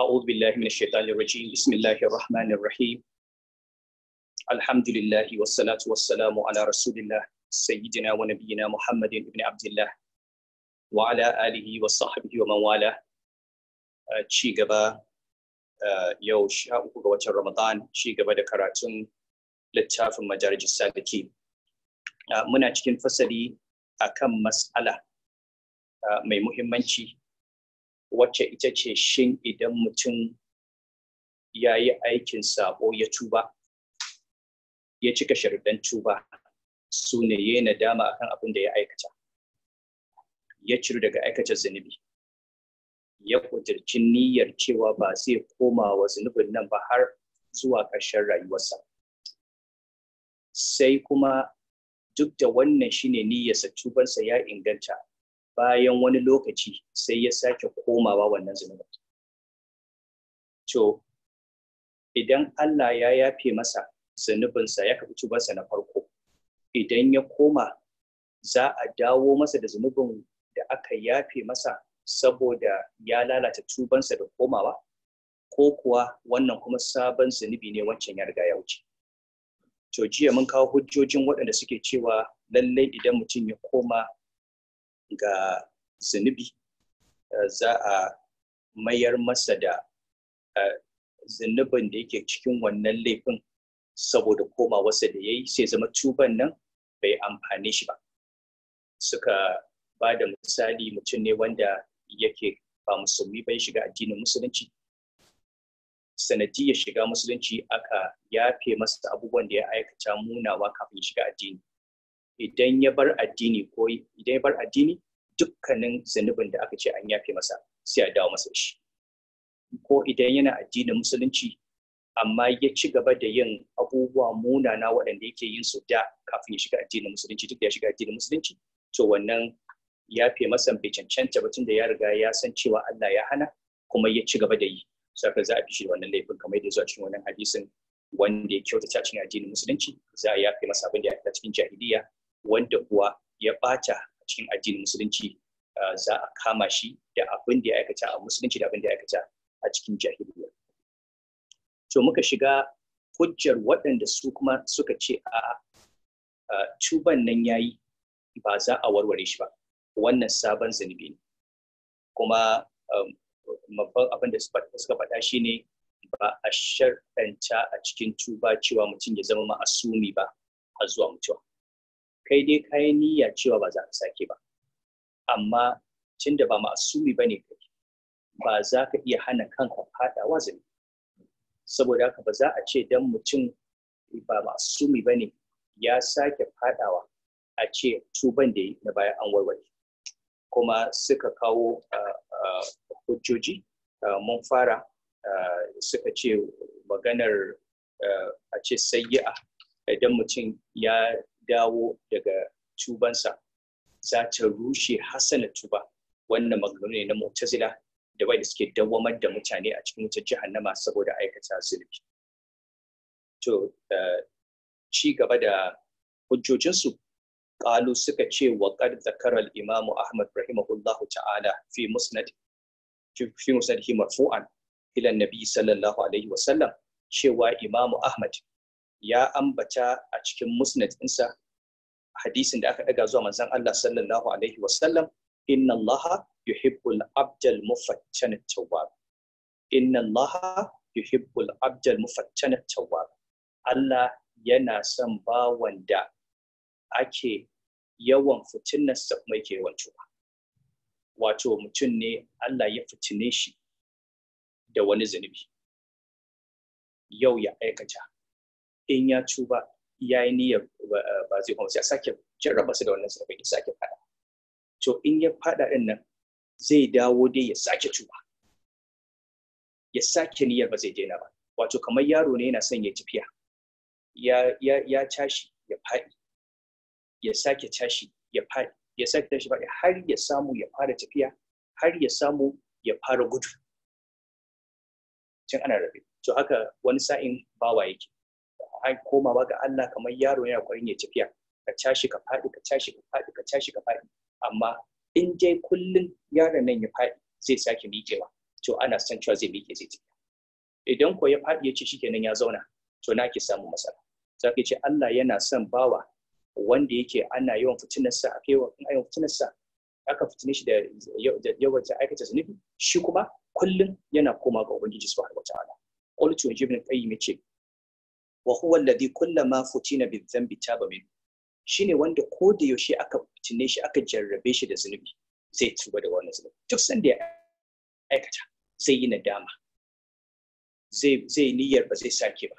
أعوذ بالله من الشيطان الرجيم بسم الله الرحمن الرحيم الحمد لله والصلاة والسلام على رسول الله سيدنا ونبينا محمد بن عبد الله وعلى آله وصحبه ومن والاه ci gaba yau sha uku ga watan Ramadan ci gaba da karatun littafin majarji saliki muna cikin fasali akan mas'ala mai muhimmanci wacce ita ce shin idan mutum ya yi aikin sabo ya tuba ya cika sharuɗan tuba su ne ya nadama kan abin da ya aikata ya ciru daga aikata zunubi ya kudirci niyyar cewa ba zai koma wa zunubin nan ba har zuwa ƙarshen rayuwarsa sai kuma duk da wannan shine niyyarsa tubansa ya inganta bayan wani lokaci sai ya sake komawa wannan zunubin to idan Allah ya yafe masa zunubinsa ya kafi cubarsa na farko idan ya koma za a dawo masa da zunubin da aka yafe masa saboda ya lalata tubansa da komawa ko kuwa wannan kuma sabon zunubi ne wancan ya riga ya wuce to jiya mun kawo hujjojin waɗanda suke cewa lallai idan mutum ya koma ga zunubi eh, za a mayar masa da eh, zunubin da yake cikin wannan laifin saboda koma da ya yi sai zama tuban nan bai amfane shi ba suka ba da misali mutum ne wanda yake ba musulmi bai shiga addinin musulunci sanadiyar shiga musulunci aka yafe masa abubuwan da ya aikata munawa kafin shiga addini idan ya bar addini ko idan ya bar addini dukkanin zunubin da aka ce an yafe masa sai a dawo masa shi ko idan yana addinin musulunci amma ya ci gaba da yin abubuwa muna na waɗanda yake yin su da kafin ya shiga addinin musulunci duk da ya shiga addinin musulunci to wannan yafe masa bai cancanta batun da ya riga ya san cewa Allah ya hana kuma ya ci gaba da yi saka za a fi shi wannan laifin kamar yadda zuwa cikin wannan hadisin wanda ya kyautata cikin addinin musulunci za a yafe masa abin da ya cikin jahiliya wanda kuwa ya ɓata a cikin addinin musulunci za a kama shi da abin da ya aikata a musulunci da abin da ya aikata a cikin jahiliya to muka shiga hujjar waɗanda su kuma suka ce a tuban nan ya yi ba za a warware shi ba wannan sabon zunubi ne kuma um, babban abin da suka faɗa shi ne ba a sharɗanta a cikin tuba cewa mutum ya zama ma'asumi ba a zuwa mutuwa kai dai ka yi niyya cewa ba za ka sake ba amma cin da ba ma'asumi ba ne kai ba za ka iya hana kanka faɗawa zane saboda haka ba za a ce dan mutum ba ma'asumi ba ne ya sake faɗawa a ce tuban da na baya an warware kuma suka kawo hujjoji mun fara suka ce maganar a ce sayi'a idan mutum ya dawo daga tubansa za ta rushe hasana tuba wannan maganganu ne na mu'tazila da bai da suke dawamar da mutane a cikin wutar jahannama saboda aikata zunubi to eh, ci gaba da hujjojinsu ƙalu suka ce wa ƙar zakara al-imam ahmad rahimahullahu ta'ala fi musnad fi musnadihi marfu'an ila nabi sallallahu alaihi wa sallam cewa imamu ahmad ya ambata a cikin musnad insa hadisin da aka ɗaga zuwa manzon Allah sallallahu alaihi wasallam inna Allah yuhibbul abdal mufaccana tawwab inna Allah yuhibbul abdal mufaccana tawwab Allah yana son bawan da ake yawan fitinarsa kuma yake yawan tuba wato mutum ne Allah ya fitine shi da wani zunubi yau ya aikata in ya cuba ya yi niyyar eh, ba zai kuma sai sake jarraba su da wannan sababin ya sake fada to in ya fada din nan zai dawo dai ya sake cuba ya sake niyyar ba zai daina ba wato kamar yaro ne yana son ya tafiya ya ya ya tashi ya fadi ya sake tashi ya fadi ya sake tashi ba har ya samu ya fara tafiya har ya samu ya fara gudu can ana rabe to haka wani sa'in bawa yake An komawa ga Allah kamar yaro yana kwarin ya tafiya ka cashi ka faɗi ka cashi ka faɗi ka cashi ka faɗi amma in dai kullun yaron nan ya faɗi zai sake miƙewa to ana san cewa zai miƙe zai tafiya idan ko ya faɗi ya ce shikenan ya zauna to na ki samu matsala za ka ce Allah yana son bawa wanda yake ana yawan fitinarsa a kai yawan ayon fitinarsa aka fitine shi da yawan ta aikata zunubi shi kuma kullum yana koma ga ubangiji subhanahu wataala qultu ibn qayyim chi wa huwa alladhi kullama futina bi dhanbi taba min shine wanda ko da yaushe aka fitine shi aka jarrabe shi da zunubi zai tuba da wannan zunubi duk sanda ya aikata zai yi nadama zai zai niyyar ba zai sake ba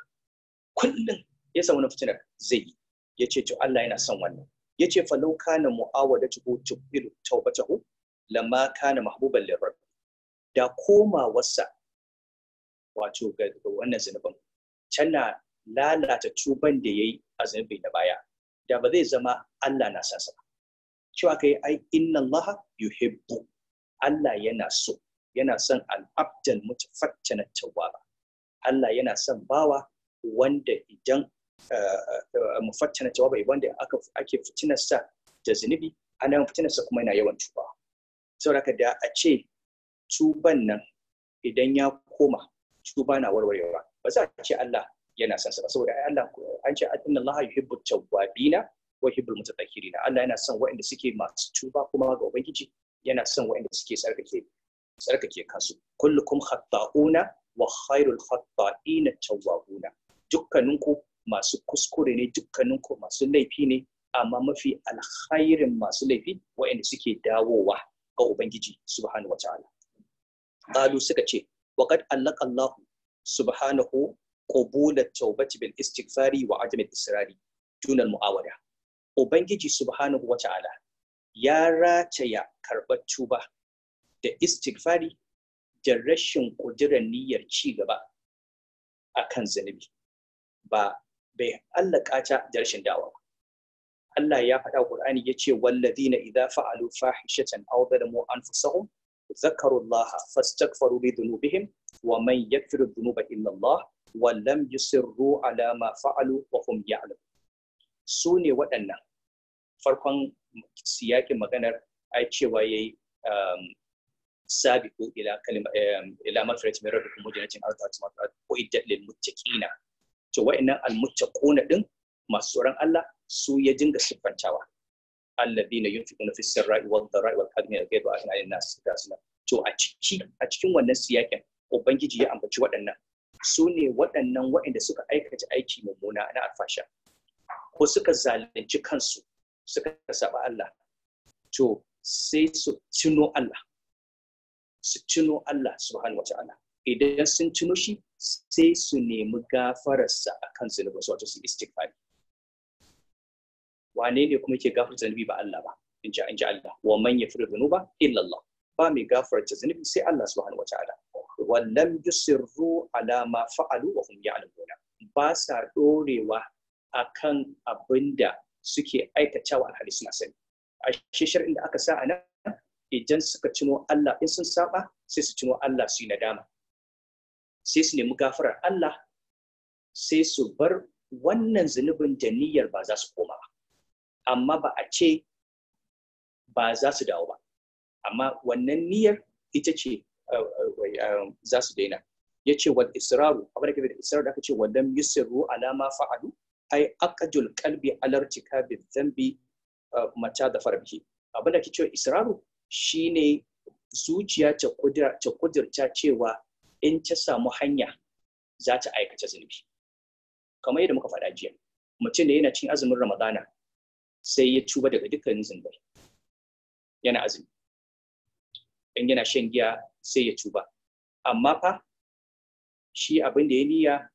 kullum ya samu na fitinar zai yi yace to Allah yana son wannan yace fa law kana mu'awadatu tubilu tawbatahu lamma kana mahbuban lirrab da komawarsa wato ga wannan zunubin tana lalata tuban da yayi a zunubi da baya da ba zai zama Allah na sasa ba cewa kai ai inna Allah yuhibbu Allah yana so yana son al'abdan mutafattanat tawwaba Allah yana son bawa wanda idan eh, eh, mufattana tawaba wanda aka ake fitinarsa da zunubi ana yawan fitinarsa kuma yana yawan tuba saboda da a ce tuban nan idan ya koma tuba na warwarewa ba za a ce Allah yana son sa saboda Allah an ce inna Allah yuhibbu tawwabina wa yuhibbul mutatahhirina Allah yana son waɗanda suke masu tuba kuma ga ubangiji yana son waɗanda suke tsarkake kasu. kansu kullukum khata'una wa khairul khata'ina tawwabuna dukkaninku masu kuskure ne dukkaninku masu laifi ne amma mafi alkhairin masu laifi waɗanda suke dawowa ga ubangiji subhanahu wataala qalu suka ce waqad allaka Allah subhanahu qabula tawbati bil istighfari wa adam al-israri dunal mu'awada ubangiji subhanahu wa ta'ala ya rataya karɓar tuba da istighfari da rashin ƙudurar niyyar ci gaba akan kan ba bai allaka da rashin dawa ba Allah ya faɗa Qur'ani yace walladhina idza fa'alu fahishatan aw zalamu anfusahum zakarullaha fastaghfaru li dhunubihim wa man yaghfiru dhunuba wallam yusirru ala ma fa'alu wa hum ya'lam su ne waɗannan farkon siyakin maganar ai cewa yayi um, sabiqu ila kalima um, ila mafrat min rabbikum mujnatin arda'at iddat lil muttaqina to wa'annan al muttaquna din masu tsoron Allah su ya dinga siffantawa alladhina yunfiquna fis sirra'i wad dharai wal kadhimi wal ghaibi wa ahna lin nas to a cikin a cikin wannan siyakin ubangiji ya ambaci waɗannan su ne waɗannan waɗanda suka aikata aiki mummuna na alfasha ko suka zalunci kansu suka saba Allah to sai su cino Allah su cino Allah subhanahu wa ta'ala idan sun cino shi sai su nemi gafararsa a kan su, wato su istighfari wane ne kuma ke gafarta zunubi ba Allah ba in ji Allah wa man yafiru dhunuba illa Allah ba mai gafarta zunubi sai Allah subhanahu wa ta'ala Wannan yusirru ala ma fa'alu wa hum ya'lamuna ba sa dorewa akan abinda suke aikatawa alhali suna sani a shishar inda aka sa ana idan suka cimo Allah in sun saba sai su cimo Allah su yi nadama sai su nemi gafarar Allah sai su bar wannan zunubin da niyyar ba za su koma ba amma ba a ce ba za su dawo ba amma wannan niyyar ita ce uh, uh, um, za su daina ya ce wa israru abin da ke da israru da aka ce walam yusirru alama fa'alu ai aqdul kalbi alartika bi zambi uh, mata da farbihi abin da ke cewa israru shine zuciya ta kudirta cewa in ta samu hanya za ta aikata zunubi kamar yadda muka faɗa jiya mutum da yana cin azumin ramadana sai ya tuba daga dukkanin zunubai yana azumi in yana shan giya sai ya tuba amma fa shi abin da ya niya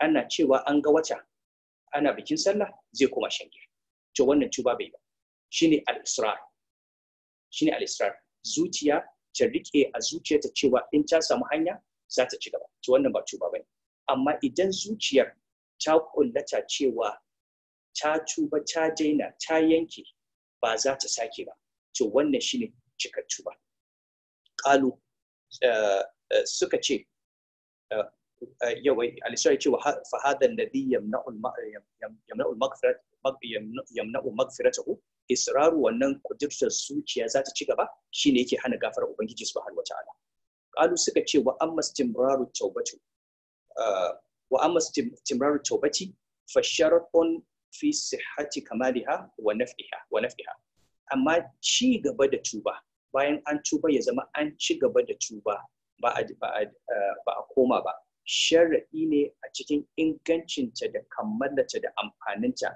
ana cewa an ga wata ana bikin sallah zai koma shan giya to wannan tuba bai ba shine al-israr shine al-israr zuciya ta rike a zuciyarta cewa in ta samu hanya za ta ci gaba to wannan ba tuba bane amma idan zuciyar ta kullata cewa ta tuba ta daina ta yanke ba za ta sake ba to wannan shine cikar tuba Kalu suka ce yawai alisa ya ce wa fahadan ladhi yamna'u yamna'u yamna'u magfiratahu israru wannan kudirtar zuciya za ta ci gaba shine yake hana gafarar ubangiji subhanahu wataala qalu suka ce wa amma istimraru tawbatu wa amma istimraru tawbati fa sharatun fi sihhati kamaliha wa naf'iha wa naf'iha amma ci gaba da tuba bayan an tuba ya zama an ci gaba da tuba ba a ba a eh, koma ba sharaɗi ne a cikin ingancinta da kammalata da amfaninta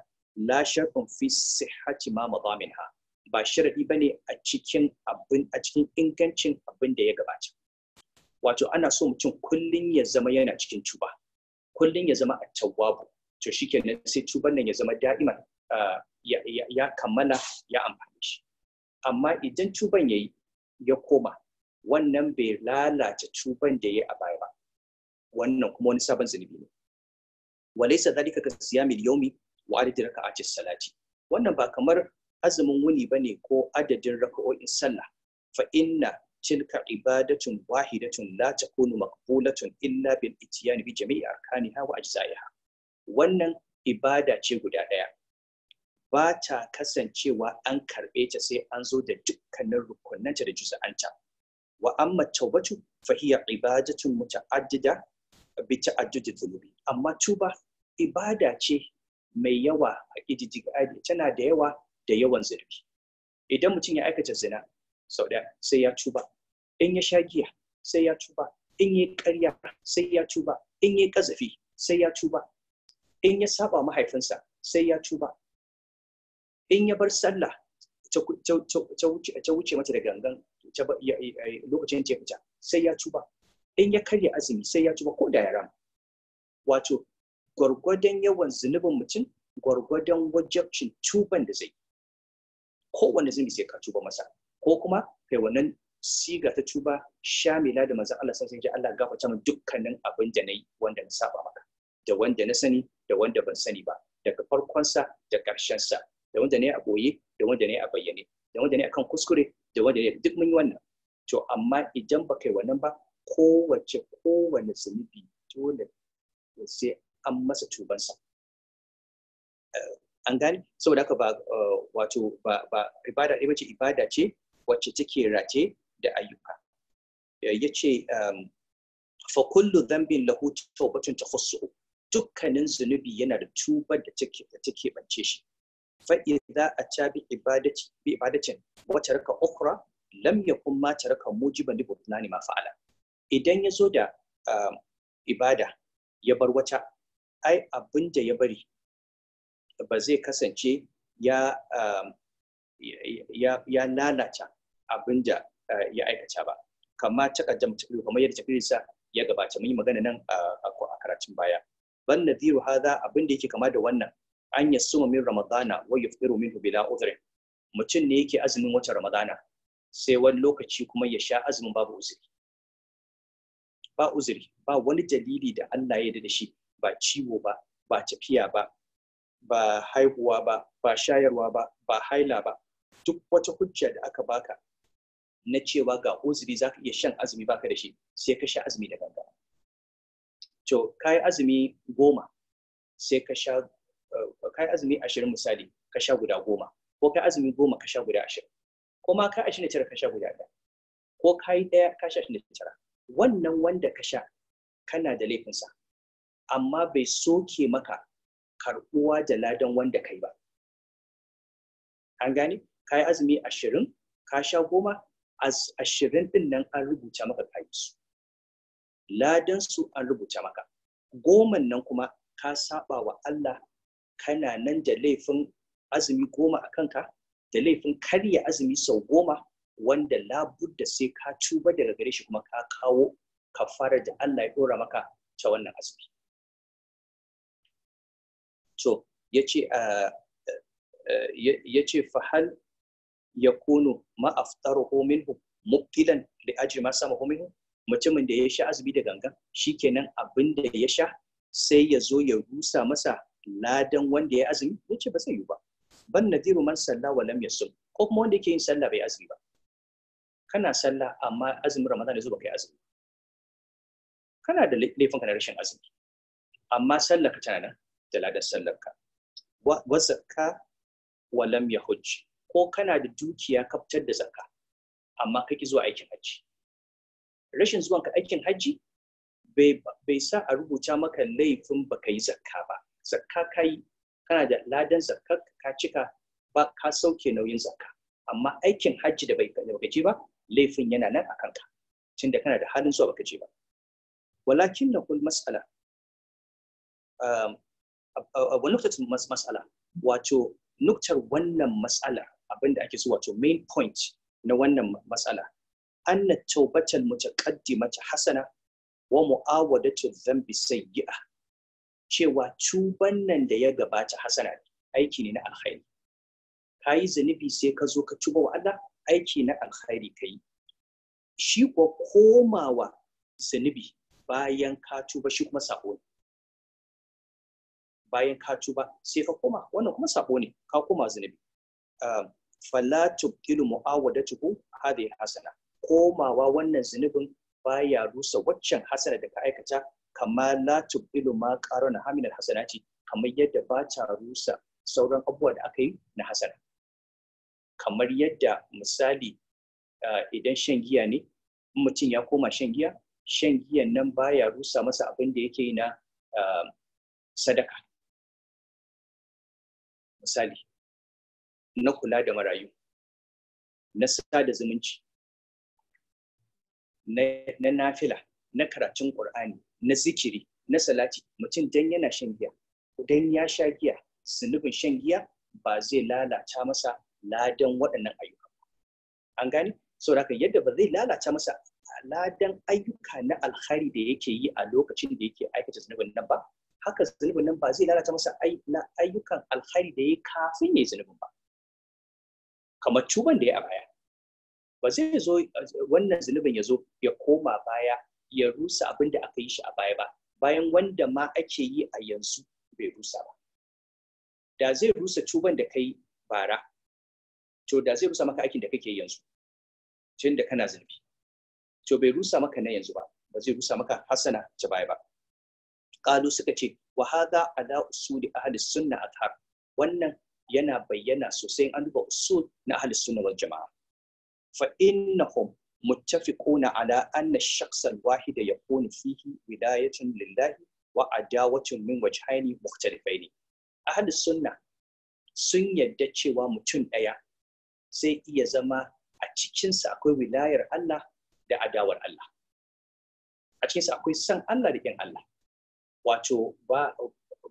la sharɗin fi sihhati ma madaminha ba sharaɗi bane a cikin abin a cikin ingancin abin da ya gabata wato ana so mutum kullun ya zama yana cikin tuba kullun ya zama a tawwabu to shikenan sai tuban nan ya zama da'iman eh, ya kammala ya amfani shi amma idan tuban yayi ya koma wannan bai lalace tuban da yayi a baya ba wannan kuma wani sabon zunubi ne walaysa zalika ka siyamil yawmi wa adadi raka'atis salati wannan ba kamar azumin wuni bane ko adadin raka'o'in sallah fa inna tilka ibadatun wahidatun la takunu maqbulatun illa bil ityani bi jami'i arkaniha wa ajza'iha wannan ibada ce guda daya ba ta kasancewa an karɓe ta sai an zo da dukkanin rukunanta da juz'anta wa amma tawbatu fa hiya ibadatun muta'addida bi ta'addudi dhunubi amma tuba ibada ce mai yawa a ƙididdiga tana da yawa da yawan zurfi idan mutum ya aikata zina sau ɗaya sai ya tuba in ya sha giya sai ya tuba in ya ƙarya sai ya tuba in ya ƙazafi sai ya tuba in ya saba mahaifinsa sai ya tuba in ya bar sallah ta wuce mata da gangan lokacin ta fita sai ya tuba in ya karya azumi sai ya tuba ko da ya rama wato gwargwadon yawan zunubin mutum gwargwadon wajabcin tuban da zai kowane zumi sai ka tuba masa ko kuma kai wannan siga ta tuba shamila da manzon Allah sai ya Allah gafarta min dukkanin abin da nayi wanda na saba maka da wanda na sani da wanda ban sani ba daga farkonsa da karshen sa. da wanda ne a boye da wanda ne a bayyane da wanda ne akan kuskure da wanda ne duk mun yi wannan to amma idan ba kai wannan ba kowace kowane zunubi dole sai an masa tubansa eh, an gane saboda haka ba eh, wato ba ba ibada ba ce ibada ce wacce take race da ayyuka eh, ce ehm, fa kullu dhanbin lahu tawbatun takhussu dukkanin zunubi yana da tubar da take da take bance shi fa’ida a ca ibadacin wata raka okra lamya ya kuma ta raka mujiban da burtuna ne mafa’ala. Idan ya zo da um, ibada ya bar wata, ai abin da ya bari ba zai kasance ya um, lalata abin da uh, ya aikata ba. Kama ta ƙaddam cikin kamar yadda cikin sa ya gabata mun yi magana nan a karatun baya. Ban nadiru ha za abin da yake kama da wannan an suma min ramadana wa yufiru minhu bila udhrin mutum ne yake azumin wata ramadana sai wani lokaci kuma ya sha azumin babu uzuri ba uzuri ba wani dalili da Allah ya yarda da shi ba ciwo ba ba tafiya ba ba haihuwa ba ba shayarwa ba ba haila ba duk wata hujja da aka baka na cewa ga uzuri zaka iya shan azumi baka da shi sai ka sha azumi da ganga to ka azumi goma sai ka sha eh, kai azumi ashirin misali ka sha guda goma ko kai azumi goma ka sha guda ashirin ko ma kai ashirin da tara ka sha guda ɗaya ko kai ɗaya ka sha ashirin da tara wannan wanda ka sha kana da laifinsa amma bai soke maka karɓuwa da ladan wanda kai ba an gane kai azumi ashirin ka sha goma ashirin ɗin nan an rubuta maka kai su ladan su an rubuta maka goman nan kuma ka saba wa Allah kana nan da laifin azumi goma a kanka da laifin karya azumi sau goma wanda labudda sai ka tuba daga gare shi kuma ka kawo kafara da Allah ya dora maka ta wannan azumi so ya ce ya ce fahal ya kunu ma'aftaruhu minhu mubtilan li ajri ma sama minhu mutumin da ya sha azumi da gangan shikenan abin da ya sha sai ya zo ya rusa masa ladan wanda ya azumi ya ce ba zai yi ba ban nadiru man sallah wa lam yasum ko kuma wanda yake yin sallah bai azumi ba kana sallah amma azumin ramadan ya zo baka yi azumi kana da laifin ka na rashin azumi amma sallar ka tana nan da ladan sallar ka wa zakka wa lam yahujj ko kana da dukiya ka fitar da zakka amma ka ki zuwa aikin hajji rashin zuwanka ka aikin hajji bai sa a rubuta maka laifin baka yi zakka ba zakka ka yi kana da ladan zakka ka cika ba ka sauke nauyin zakka amma aikin hajji da bai baka je ba laifin yana nan a kanka tunda kana da halin zuwa baka je ba walakin na kul mas'ala um, wa nuktat mas'ala wato nuktar wannan mas'ala abinda ake so wato main point na wannan mas'ala anna tawbatal mutaqaddimata hasana wa mu'awadatu dhanbi sayyi'ah cewa tuban nan da ya gabata hasana aiki ne na alkhairi ka yi zunubi sai ka zo ka tuba wa Allah aiki na alkhairi ka yi shi kuwa komawa zunubi bayan ka tuba shi kuma sako ne bayan ka tuba sai ka koma wannan kuma sako ne ka koma zunubi fala tubtilu mu'awadatuhu hadhihi hasana komawa wannan zunubin baya rusa waccan hasana da ka aikata kama la tubdilu ma qarana ha min kamar yadda ba ta rusa sauran abubuwa da aka yi na hasana kamar yadda misali ah, idan shan giya ne mutum ya koma shan giya shan giyan nan baya rusa masa abin da yake yi na ah, sadaka misali na kula da marayu na da zumunci na nafila na karatun ƙur'ani na zikiri na salati mutum dan yana shan giya dan ya sha giya zunubin shan giya ba zai lalata masa ladan waɗannan ayyuka an gani, gane da yadda ba zai lalata masa ladan ayyuka na alkhari da yake yi a lokacin da yake aikata zunubin nan ba haka zunubin nan ba zai lalata masa ayyukan alhari da ya kafin ya yi zunubin ba kamar cuban da ya a baya ba zai zo wannan zunubin ya zo ya koma baya ya rusa abin da aka yi shi a baya ba bayan wanda ma ake yi a yanzu bai rusa ba da zai rusa cuban da kai bara to da zai rusa maka aikin da kake yanzu tun da kana zunubi to bai rusa maka na yanzu ba ba zai rusa maka hasana ta baya ba kalu suka ce wa hada ala usuli ahli sunna athar wannan yana bayyana sosai an duba usul na ahli sunna wal jama'a fa innahum متفقون على أن الشخص الواحد يكون فيه ولاية لله وعداوة من وجهين مختلفين أهل السنة sun yadda cewa mutum ɗaya zai iya zama a cikinsa akwai wilayar Allah da adawar Allah. A cikinsa akwai san Allah da ƙin Allah. Wato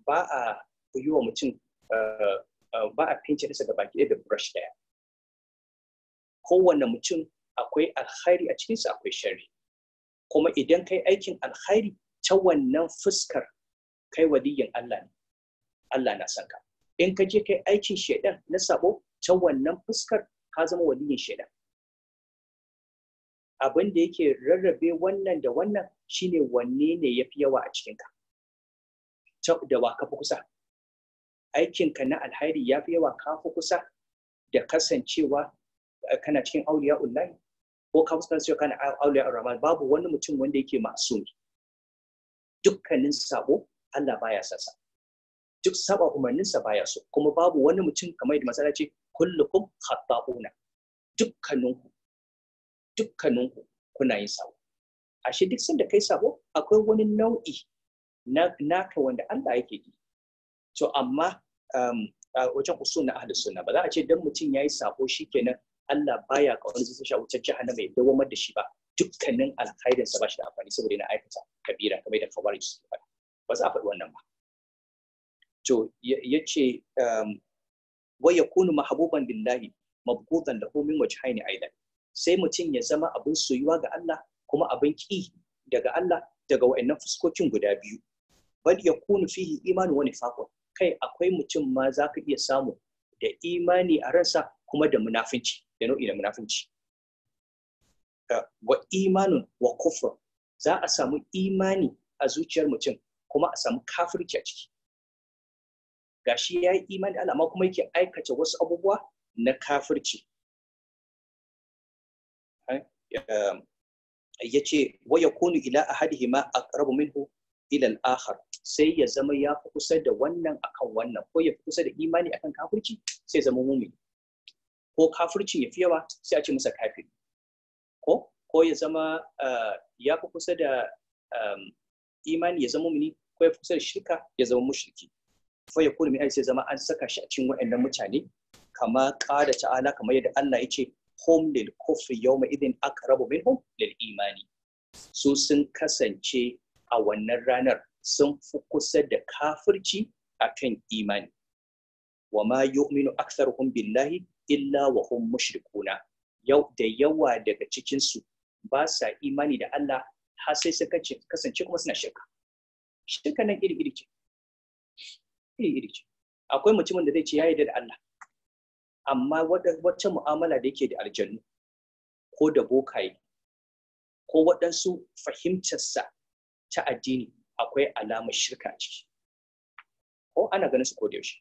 ba a yi wa mutum eh, eh, ba a fince baki da brush ɗaya. Kowane mutum akwai alkhairi a cikinsa akwai shari kuma idan kai aikin alkhairi ta wannan fuskar kai wadiyin Allah ne Allah na san ka in ka je kai aikin shaidan na sabo ta wannan fuskar ka zama wadiyin shaidan abin da yake rarrabe wannan da wannan shine wanne ne yafi yawa a cikinka da wa ka fi kusa aikinka na alhairi ya fi yawa ka fi kusa da kasancewa kana cikin auliya ullahi ko kansu kana auliya ar-rahman babu wani mutum wanda yake masum dukkanin sabo Allah baya sasa duk saba sa baya so kuma babu wani mutum kamar da masala ce kullukum khata'una dukkaninku dukkaninku kuna yin sabo ashe duk sanda kai sabo akwai wani nau'i na naka wanda Allah yake yi to amma um, wajen usul na ahlus sunna ba za a ce dan mutum yayi sabo shikenan Allah baya ka wani zuciya a wutar jahannama ya dawamar da shi ba dukkanin alkhairin sa ba shi da amfani saboda yana aikata kabira kamar da kawari su faɗa ba za a faɗi wannan ba to yace um, wa yakunu mahbuban billahi mabghudan lahu min wajhaini aidan sai mutum ya zama abin soyuwa ga Allah kuma abin ki daga Allah daga wa'annan fuskokin guda biyu bal yakunu fihi imanu wa nifaqun kai akwai mutum ma zaka iya samu da imani a ransa kuma da munafinci da nau'i da munafunci wa imanin wa za a samu imani a zuciyar mutum kuma a samu kafirci a ciki Ga shi ya yi imani Allah amma kuma yake aikata wasu abubuwa na kafirci um, ya ce wa ya kunu ila a rabu minhu ila ahar sai ya zama ya fi kusa da wannan akan wannan ko ya fi kusa da imani akan kafirci sai zama mumini ko kafirci ya fi yawa sai a ce masa kafir ko ko ya zama eh, ya fi kusa da ehm, imani ya zama mumini ko ya fi kusa da shirka ya zama mushriki fa ya kulmi ai sai zama an saka shi a cikin waɗannan mutane kama ƙara ta'ala kamar yadda Allah ya ce hum lil kufri yawma idin aqrabu minhum lil imani su sun kasance a wannan ranar sun fi kusa da kafirci akan imani wa ma yu'minu aktharuhum billahi illa wa hum mushrikuna yau da yawa daga cikin su ba sa imani da Allah har sai suka kasance kuma suna shirka shirka nan iri iri ce akwai mutumin da zai ce ya yarda da Allah amma wata mu'amala da yake da aljannu ko da bokaye ko waɗansu fahimtarsa ta addini akwai alamar shirka a ciki ko ana ganin su ko da yaushe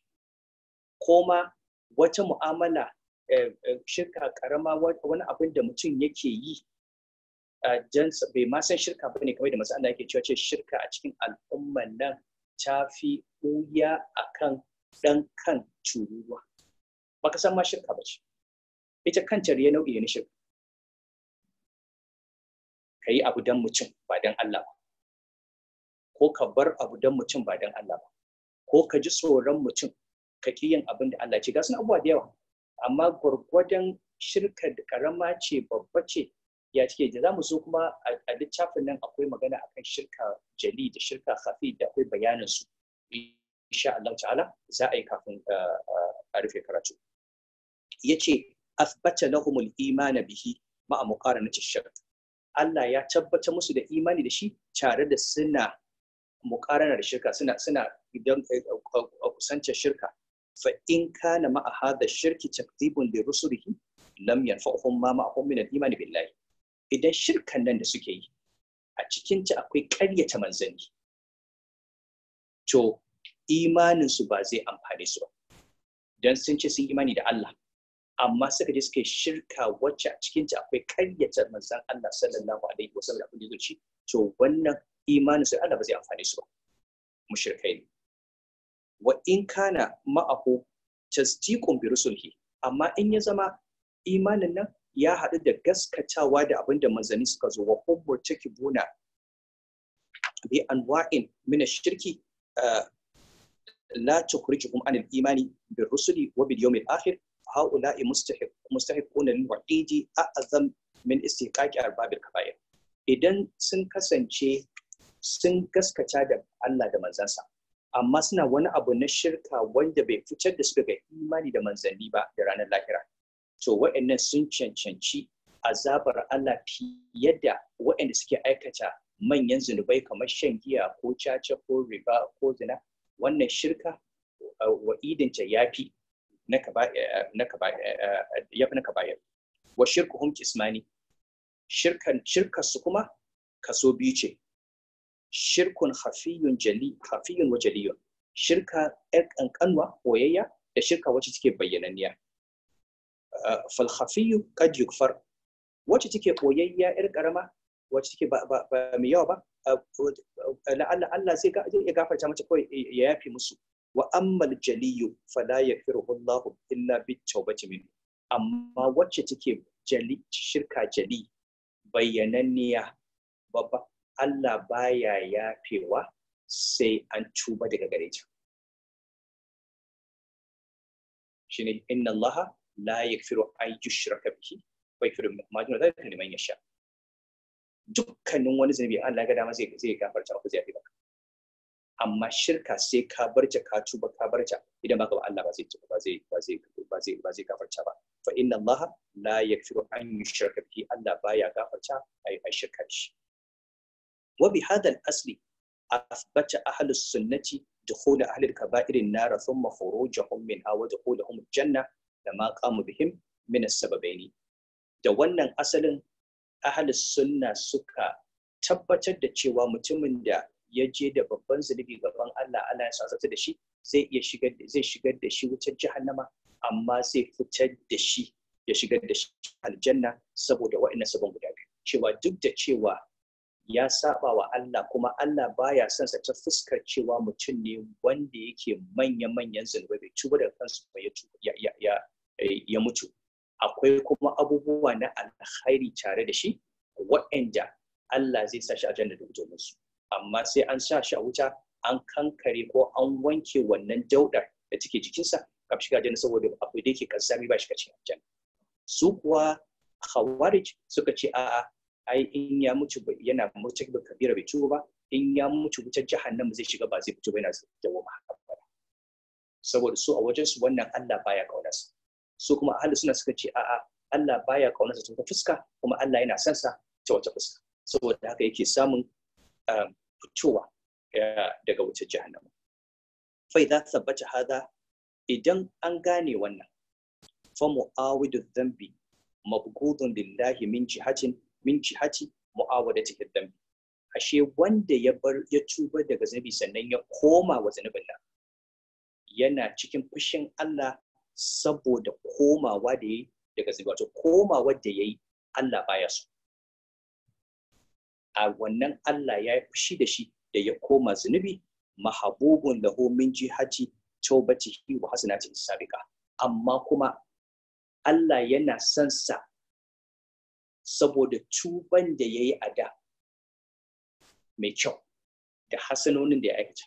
ko ma wata mu'amala Eh, eh, shirka karama wani abin da mutum yake yi jansa bai ma san shirka ba ne kamar da masu ana yake cewa ce shirka a cikin al'umman nan ta fi ɓuya a kan ɗan kan Ba ka san ma shirka ba ce ita kanta ya nau'i ne shirka ka yi abu don mutum ba don Allah ba ko ka bar abu don mutum ba don Allah ba ko ka ji tsoron mutum ka ki yin abin da Allah ce ga sun abubuwa da yawa amma gwargwadon shirka da karama ce babba ce ya cike da za mu zo kuma a littafin nan akwai magana akan shirka jali da shirka khafi da akwai bayanin su insha Allah ta'ala za a yi kafin a rufe karatu yace asbata lahumul iman bihi ma'a muqaranati shirka. Allah ya tabbata musu da imani da shi tare da suna muqarana da shirka suna suna idan eh, eh, eh, kusantar shirka fa in kana هذا الشرك تكذيب takdibun لم ينفعهم ما معهم من الإيمان بالله إذا iman billahi idan shirkan nan da suke yi a cikin ta akwai ƙaryata to ba zai amfane su ba dan sun ce sun imani da Allah amma suka je suka shirka wacce a cikin ta akwai ƙaryata manzan Allah sallallahu alaihi wasallam da to wannan imanin Allah ba zai amfane su ba mushrikai ne wa in kana ma'ahu tasdiqun bi rusulhi amma in ya zama imanin nan ya haɗu da gaskatawa da abinda da manzanni suka zo wa hubbur buna bi anwa'in min ashirki shirki eh, la tukhrijuhum anil imani bi rusuli wa bil yawmil akhir mustahiq mustahiqun lil wa'idi أعظم min istiqaqi arbabil kaba'ir idan sun kasance sun gaskata da Allah da manzansa amma suna wani abu na shirka wanda bai fitar da su daga imani da manzanni ba da ranar lahira to wa'annan sun cancanci azabar Allah fiye da wa'anda suke aikata manyan zunubai kamar shan giya ko caca ko riba ko zina wannan shirka uh, idinta ya fi na kaba'ir uh, uh, wa shirka hum kismani shirkan shirkarsu kuma kaso biyu ce shirkun hafiyun jali Hafiyun wa jaliyun shirka yar kankanwa koyayya da shirka wacce take bayyananniya eh, fal Hafiyu kad yukfar wacce take koyayya yar karama wacce take ba mai yawa ba eh, eh, la'alla Allah sai ya gafarta mata ko ya yafi musu wa ammal jaliyu fala yakfiru Allah illa bi tawbati min amma wacce take jali shirka jali bayyananniya babba Allah baya yafewa sai an tuba daga gare Shi ne inna Allah la yakfiru ay yushraka bihi wa yakfiru ma duna dhalika liman yasha dukkanin wani zunubi Allah ga dama zai zai gafarta ko zai yafe maka amma shirka sai ka barja ka tuba ka barja idan baka ba Allah ba zai tuba ba zai ba zai ba zai ba zai gafarta ba fa inna Allah la yakfiru an yushraka bihi Allah baya gafarta ay shirka shi wa bi hadal asli asbata ahlus sunnati dukhul ahlil kaba'ir an-nar thumma khurujahum minha wa dukhuluhum janna lama qamu bihim min as-sababaini da wannan asalin ahlus sunna suka tabbatar da cewa mutumin da ya je da babban zunubi gaban Allah Allah ya sasata da shi zai shigar zai shigar da shi wutar jahannama amma zai fitar da shi ya shigar da shi aljanna saboda wa'annan sabon guda biyu cewa duk da cewa ya saba wa Allah kuma Allah baya son sa ta fuskar cewa mutum ne wanda yake manya-manyan zunubai bai tuba da kansu ba ya eh, ya mutu akwai kuma abubuwa na alkhairi tare da shi waɗanda Allah zai sa shi a janna da su amma sai an sa shi a wuta an kankare ko an wanke wannan daudar da take jikinsa ka shiga janna saboda abu da yake kan sami ba shi kacin janna su kuwa khawarij suka ce a'a ai in ya mutu yana mace ba kabira bai ciwo ba in ya mutu wutar jahannama zai shiga ba zai fito ba yana dawo ma saboda su a wajen su wannan Allah baya kauna su kuma ahli suna suka ce a'a Allah baya su ta fuska kuma Allah yana son sa ta wata fuska saboda haka yake samun ah, fitowa daga wutar jahannama fa idza tabbata hada idan an gane wannan fa mu'awidu dhanbi mabghudun lillahi min jihatin min jihati mu'awadati hiddam ashe wanda ya bar ya tuba daga zabi sannan ya koma wa zanubin nan yana cikin fushin Allah saboda komawa da yayi daga zabi wato komawa da yayi Allah baya so a wannan Allah ya yi fushi da shi da ya koma zunubi mahabubun lahu min jihati tawbatihi wa hasanatihi sabiqa amma kuma Allah yana son sa saboda tuban da ya yi a da mai kyau da hasanonin da ya aikata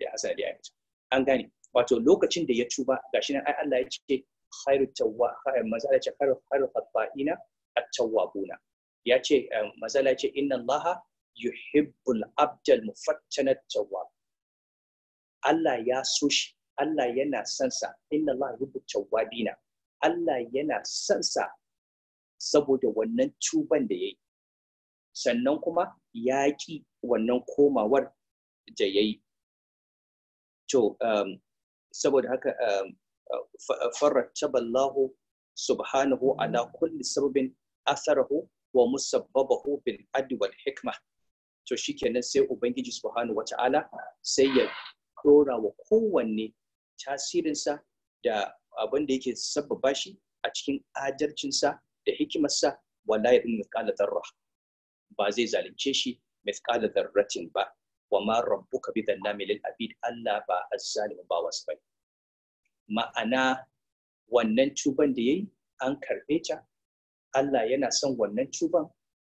da hasana da ya aikata an gane wato lokacin da ya tuba gashi nan ai Allah ya ce khairu tawwa khairu mazala ce khairu khairu khata'ina at-tawwabuna ya ce um, mazala ce inna Allah yuhibbul abdal mufattana tawwab Allah ya so shi Allah yana son sa inna Allah yuhibbul tawwabina Allah yana son sa saboda wannan cuban da ya yi sannan kuma ya wannan komawar da ya yi to um, saboda haka um, tab'allahu subhanahu ala kulli sababin asarahu wa musabbabahu bil adi wal hikma to shikenan sai ubangiji subhanahu wa ta'ala sai ya dora wa kowanne tasirinsa da abin da yake sababa shi a cikin adalcinsa da hikimarsa wala ya ɗin mithqala dharra ba zai zalunce shi mithqala zarratin ba wa ma rabbuka bi dhallamin abid Allah ba azzalim ba wasu ma'ana wannan cuban da yayi an karbe ta Allah yana son wannan cuban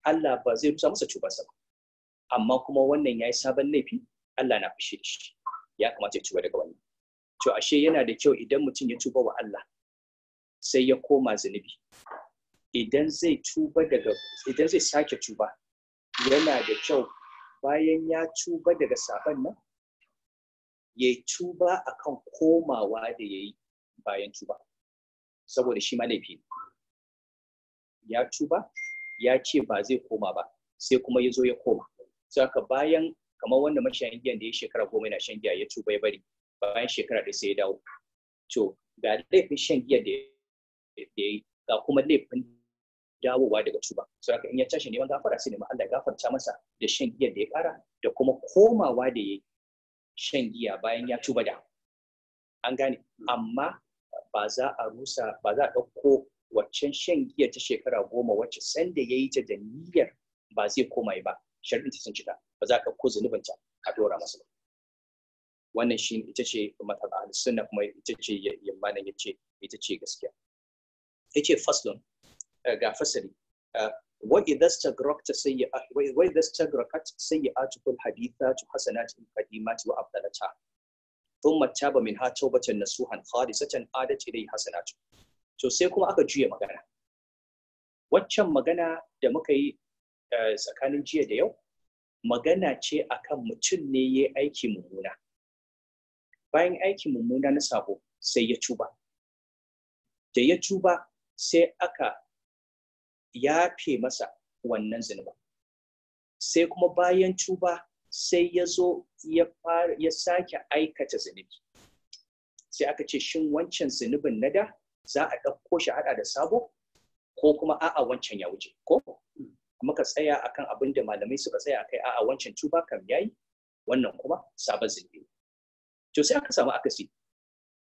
Allah ba zai rusa masa cubansa ba amma kuma wannan yayi sabon laifi Allah na fushi da shi ya kamata ya tuba daga wannan to ashe yana da kyau idan mutum ya tuba wa Allah sai ya koma zunubi idan zai tuba daga idan zai sake tuba yana da kyau bayan ya tuba daga saban nan ya tuba akan komawa da ya yi bayan tuba saboda shi laifi ya tuba ya ce ba zai koma ba sai kuma ya zo ya koma saka bayan kamar wanda mashayin giyan da ya shekara goma yana shan giya ya tuba ya bari bayan shekara da sai ya dawo to ga laifin shan giya da ya yi ga kuma laifin dawowa daga tuba so haka in ya tashi neman gafara sai neman Allah ya gafarta masa da shan giya da ya kara da kuma komawa da ya shan giya bayan ya tuba da an gane amma ba za a rusa ba za a ɗauko waccan shan giya ta shekara goma wacce sanda ya yi ta da niyyar ba zai koma ba sharɗin ta sun cika ba za ko ɗauko ta a dora masa ba wannan shi ita ce matsala sunna kuma ita ce yamma nan yace ita ce gaskiya yace faslun ga fasari ah, wa idza stagrakta sayyi'at wa idza stagrakat sayyi'atul hadithatu hasanatul qadimati wa abdalata thumma taba ha tawbatan nasuhan khalisatan adat ilay hasanatu to sai kuma aka juya magana waccan magana da muka yi ah, tsakanin jiya da yau magana ce akan mutum ne ya aiki mummuna bayan aiki mummuna na sabo sai ya tuba, da ya tuba sai aka yafe masa wannan zunuba sai kuma bayan tuba sai ya zo ya sake aikata zunubi sai aka ce shin wancan zunubin na da za a ɗauko shi haɗa da sabo ko kuma a'a wancan ya wuce ko muka tsaya akan abin da malamai suka tsaya akai a'a wancan tuba kam yayi wannan kuma sabon zunubi to sai aka samu akasi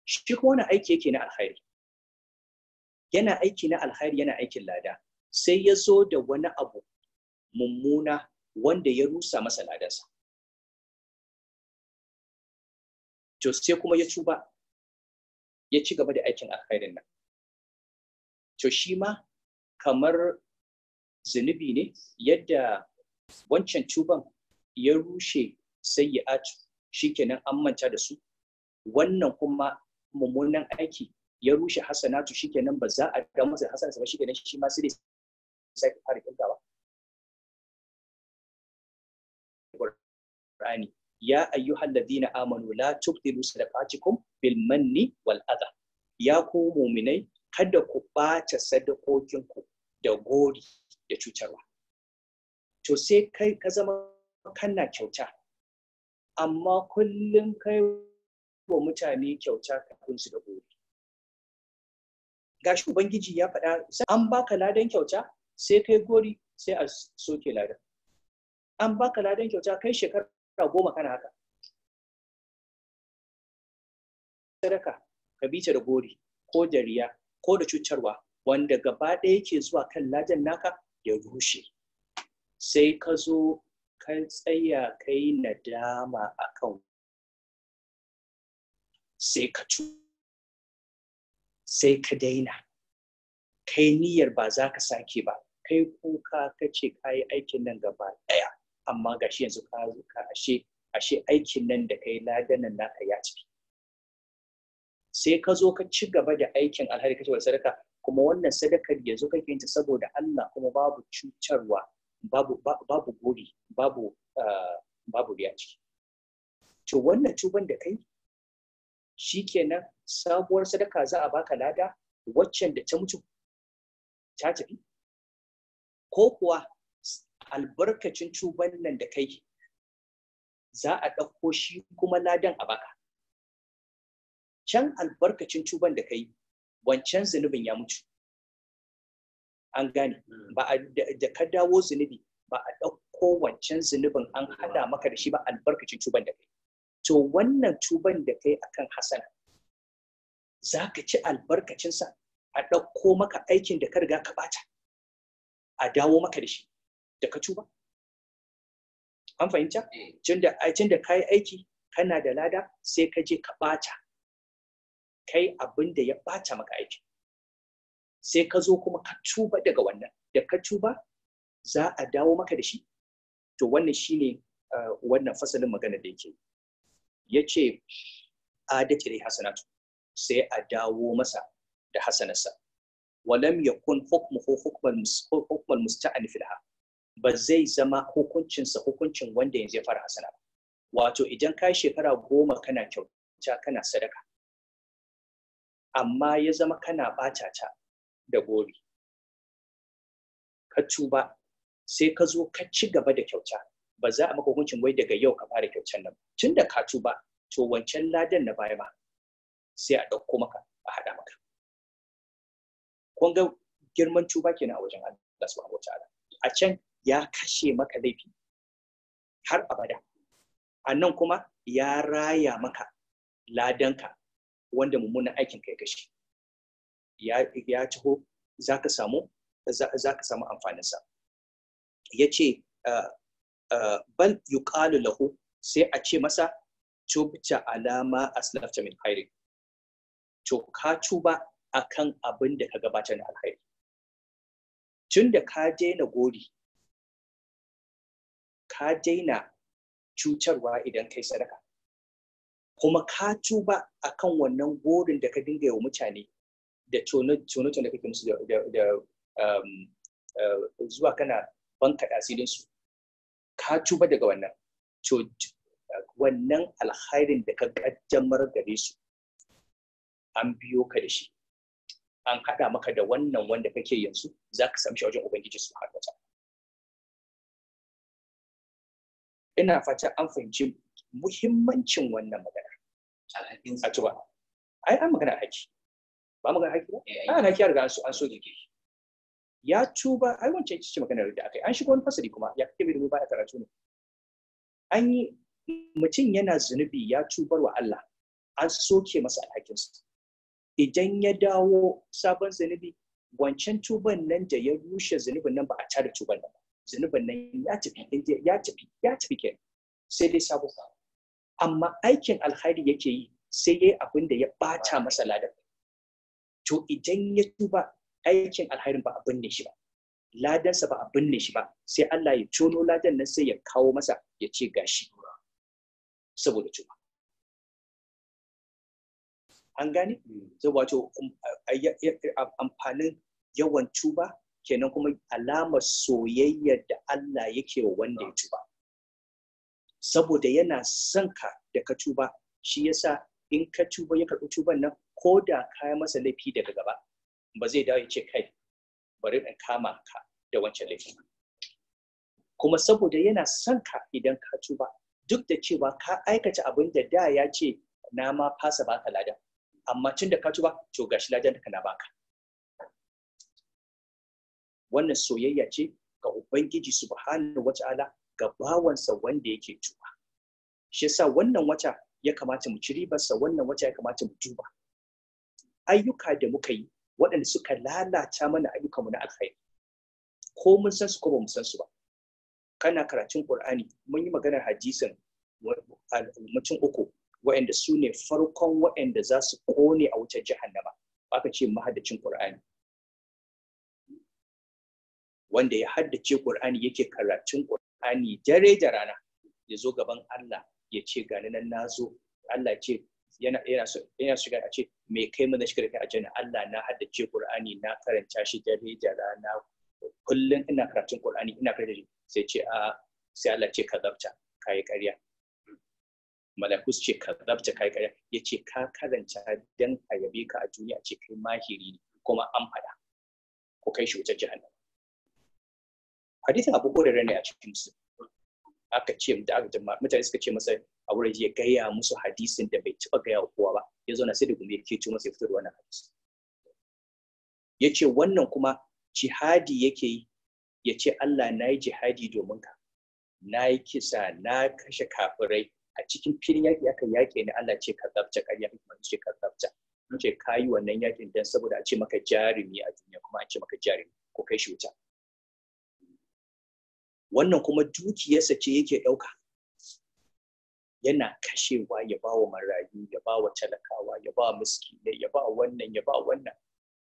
shi kuma wani aiki yake na alkhairi yana aiki na alkhairi yana aikin lada sai ya zo da wani abu mummuna wanda ya rusa masa ladansa to sai kuma ya tuba ya ci gaba da aikin alkhairin nan to shi ma kamar zunubi ne yadda wancan tuban ya rushe Atu shikenan an manta da su wannan kuma mummunan aiki ya rushe hasanatu shikenan ba za a ga masa hasanatu ba shikenan shi ma sai sake fara kirgawa ba. ya ayyuhal halladina amanu la tubtilu sadaqatikum bil manni wal adha ya ku mu'minai kada ku ɓata sadakokinku da gori da cutarwa to sai kai ka zama kana kyauta amma kullum kai wa mutane kyauta kafin su da gori gashi ubangiji ya faɗa an baka ladan kyauta sai kai gori sai a soke ladan an baka ladan kyauta kai shekara goma kana haka sadaka ka bi da gori ko dariya, ko da cutarwa wanda gaba ɗaya yake zuwa kan ladan naka ya rushe sai ka zo ka tsaya kai nadama a kan sai ka cu sai ka daina kai niyyar ba za ka sake ba kai kuka ka ce ka yi aikin nan gaba ɗaya amma ga shi yanzu ka zo ashe ashe aikin nan da kai ladanan naka ya ciki sai ka zo ka ci gaba da aikin alhari kace sadaka kuma wannan sadakar yanzu kake yin ta saboda Allah kuma babu cutarwa babu babu gori babu ah, babu riya ciki to wannan tuban da kai shikenan sabuwar sadaka za a baka lada waccan da ta mutu ta tafi ko kuwa albarkacin cuban nan da kai za a ɗauko shi kuma ladan a baka can albarkacin cuban da kai wancan zunubin ya mutu an gane hmm. ba da ka dawo zunubi ba a ɗauko wancan zunubin an hada maka da shi ba albarkacin cuban da kai to wannan cuban da kai akan hasana za ka ci albarkacinsa a ɗauko maka aikin da ka riga ka bata a dawo maka da shi da ka tuba an fahimta cin eh. da kayi aiki kana da lada sai ka je ka ɓata kai abin da ya ɓata maka aiki sai ka zo kuma ka tuba daga wannan da ka tuba za a dawo maka da shi to wannan shine eh, wannan fasalin magana da yake ya ce a da hassanatu sai a dawo masa da hasanarsa walam yakun hukmuhu hukmal musta'anif laha ba zai zama hukuncinsa hukuncin wanda yanzu ya fara hasana ba wato idan kayi shekara goma kana kyauta kana sadaka amma ya zama kana bata ta da gori ka tuba sai ka zo ka ci gaba da kyauta ba za a maka hukuncin wai daga yau ka fara kyautar nan tun da ka tuba to wancan ladan na baya ma sai a ɗauko maka a haɗa maka kun ga girman tuba kenan a wajen Allah subhanahu wataala a can ya kashe maka laifi har abada a nan kuma ya raya maka ladanka wanda mummunan aikin ka ya kashe ya ya taho zaka samu zaka samu amfanin sa yace bal yuqalu lahu sai a ce masa tubta alama aslafta min khairin to ka tuba akan abin da ka gabata na alkhairi tun da ka daina gori ka daina cutarwa idan kai sadaka kuma ka tuba akan wannan gorin da ka dinga yawa mutane da tonoton da kake musu da um, uh, zuwa kana banka asirinsu ka tuba daga wannan wannan alkhairin da ka ƙaddamar gare su an biyo ka da shi an haɗa maka da wannan wanda kake yanzu za ka sami shi wajen ubangiji su har wata ina fata an fahimci muhimmancin wannan magana a tuba ai an magana haki ba magana haki ba eh, eh. an haki ya riga an so da ke. ya tuba ai wancan ce maganar da aka yi an shiga wani fasali kuma ya kake bai ba da karatu ne an yi mutum yana zunubi ya tubar wa Allah an soke masa alhakinsa idan ya dawo sabon zunubi wancan tuban nan da ya rushe zunubin nan ba a tare tuban nan ba zunubin nan ya tafi ya tafi ya tafi ke sai dai sabo amma aikin alkhairi yake yi sai yayi abin da ya bata masa ladan to idan ya tuba aikin alkhairin ba abin ne shi ba ladansa ba abin ne shi ba sai Allah ya tono ladan nan sai ya kawo masa ya ce gashi saboda tuba an gane mm. so wato um, amfanin yawan tuba kenan kuma alamar soyayya da Allah yake wa wanda ya tuba saboda yana son ka da ka tuba shi yasa in ka tuba ya karɓi tuban nan ko da ka yi masa laifi daga gaba ba zai dawo ya ce kai bari in kama ka da wancan laifi kuma saboda yana son ka idan ka tuba duk da cewa ka aikata abin da da ya ce na ma fasa baka Ladan. amma cin da ka ci ba to gashi lajan da kana baka wannan soyayya ce ga ubangiji subhanahu wata'ala ga bawansa wanda yake tuba shi yasa wannan wata ya kamata mu ci ribarsa wannan wata ya kamata mu duba ayyuka da muka yi waɗanda suka lalata mana ayyuka mu na alkhairi ko mun san su ko ba mu san su ba kana karatun qur'ani mun yi maganar hadisin mutum uku wa'anda su ne farkon wa'anda za su kone a wutar jahannama aka ce mahaddacin Qur'ani wanda ya haddace Qur'ani yake karatun Qur'ani dare da rana ya zo gaban Allah ya ce gani nan na zo Allah ce yana yana so yana shiga a ce me kai mana shiga kai jana?' Allah na haddace Qur'ani na karanta shi dare da rana kullum ina karatun Qur'ani ina karatun sai ce a sai Allah ce ka zabta kai ƙarya malaku su ce zabta kai kai ya ce ka karanta dan a ka a duniya ce kai mahiri kuma an fada ko kai shi wutar jahannam hadisin abu ƙorare ne a cikin su aka ce da mutane suka ce masa a wurin ya gaya musu hadisin da bai taɓa gaya wa kowa ba ya zo na sai da gumi ya keto masa ya fito da wannan hadisi ya ce wannan kuma jihadi yake yi ya ce Allah na yi jihadi domin ka na yi kisa na kashe kafirai a cikin filin yaƙi aka yaƙe ne Allah ce ka kazzabta ƙarya kuma ce ka kazzabta mun ce kayi wannan yaƙin dan saboda a ce maka jarumi a duniya kuma a ce maka jarumi ko kai shi wuta wannan kuma dukiyarsa ce yake ɗauka yana kashewa ya ba wa marayu ya ba wa talakawa ya ba ne ya ba wannan ya ba wannan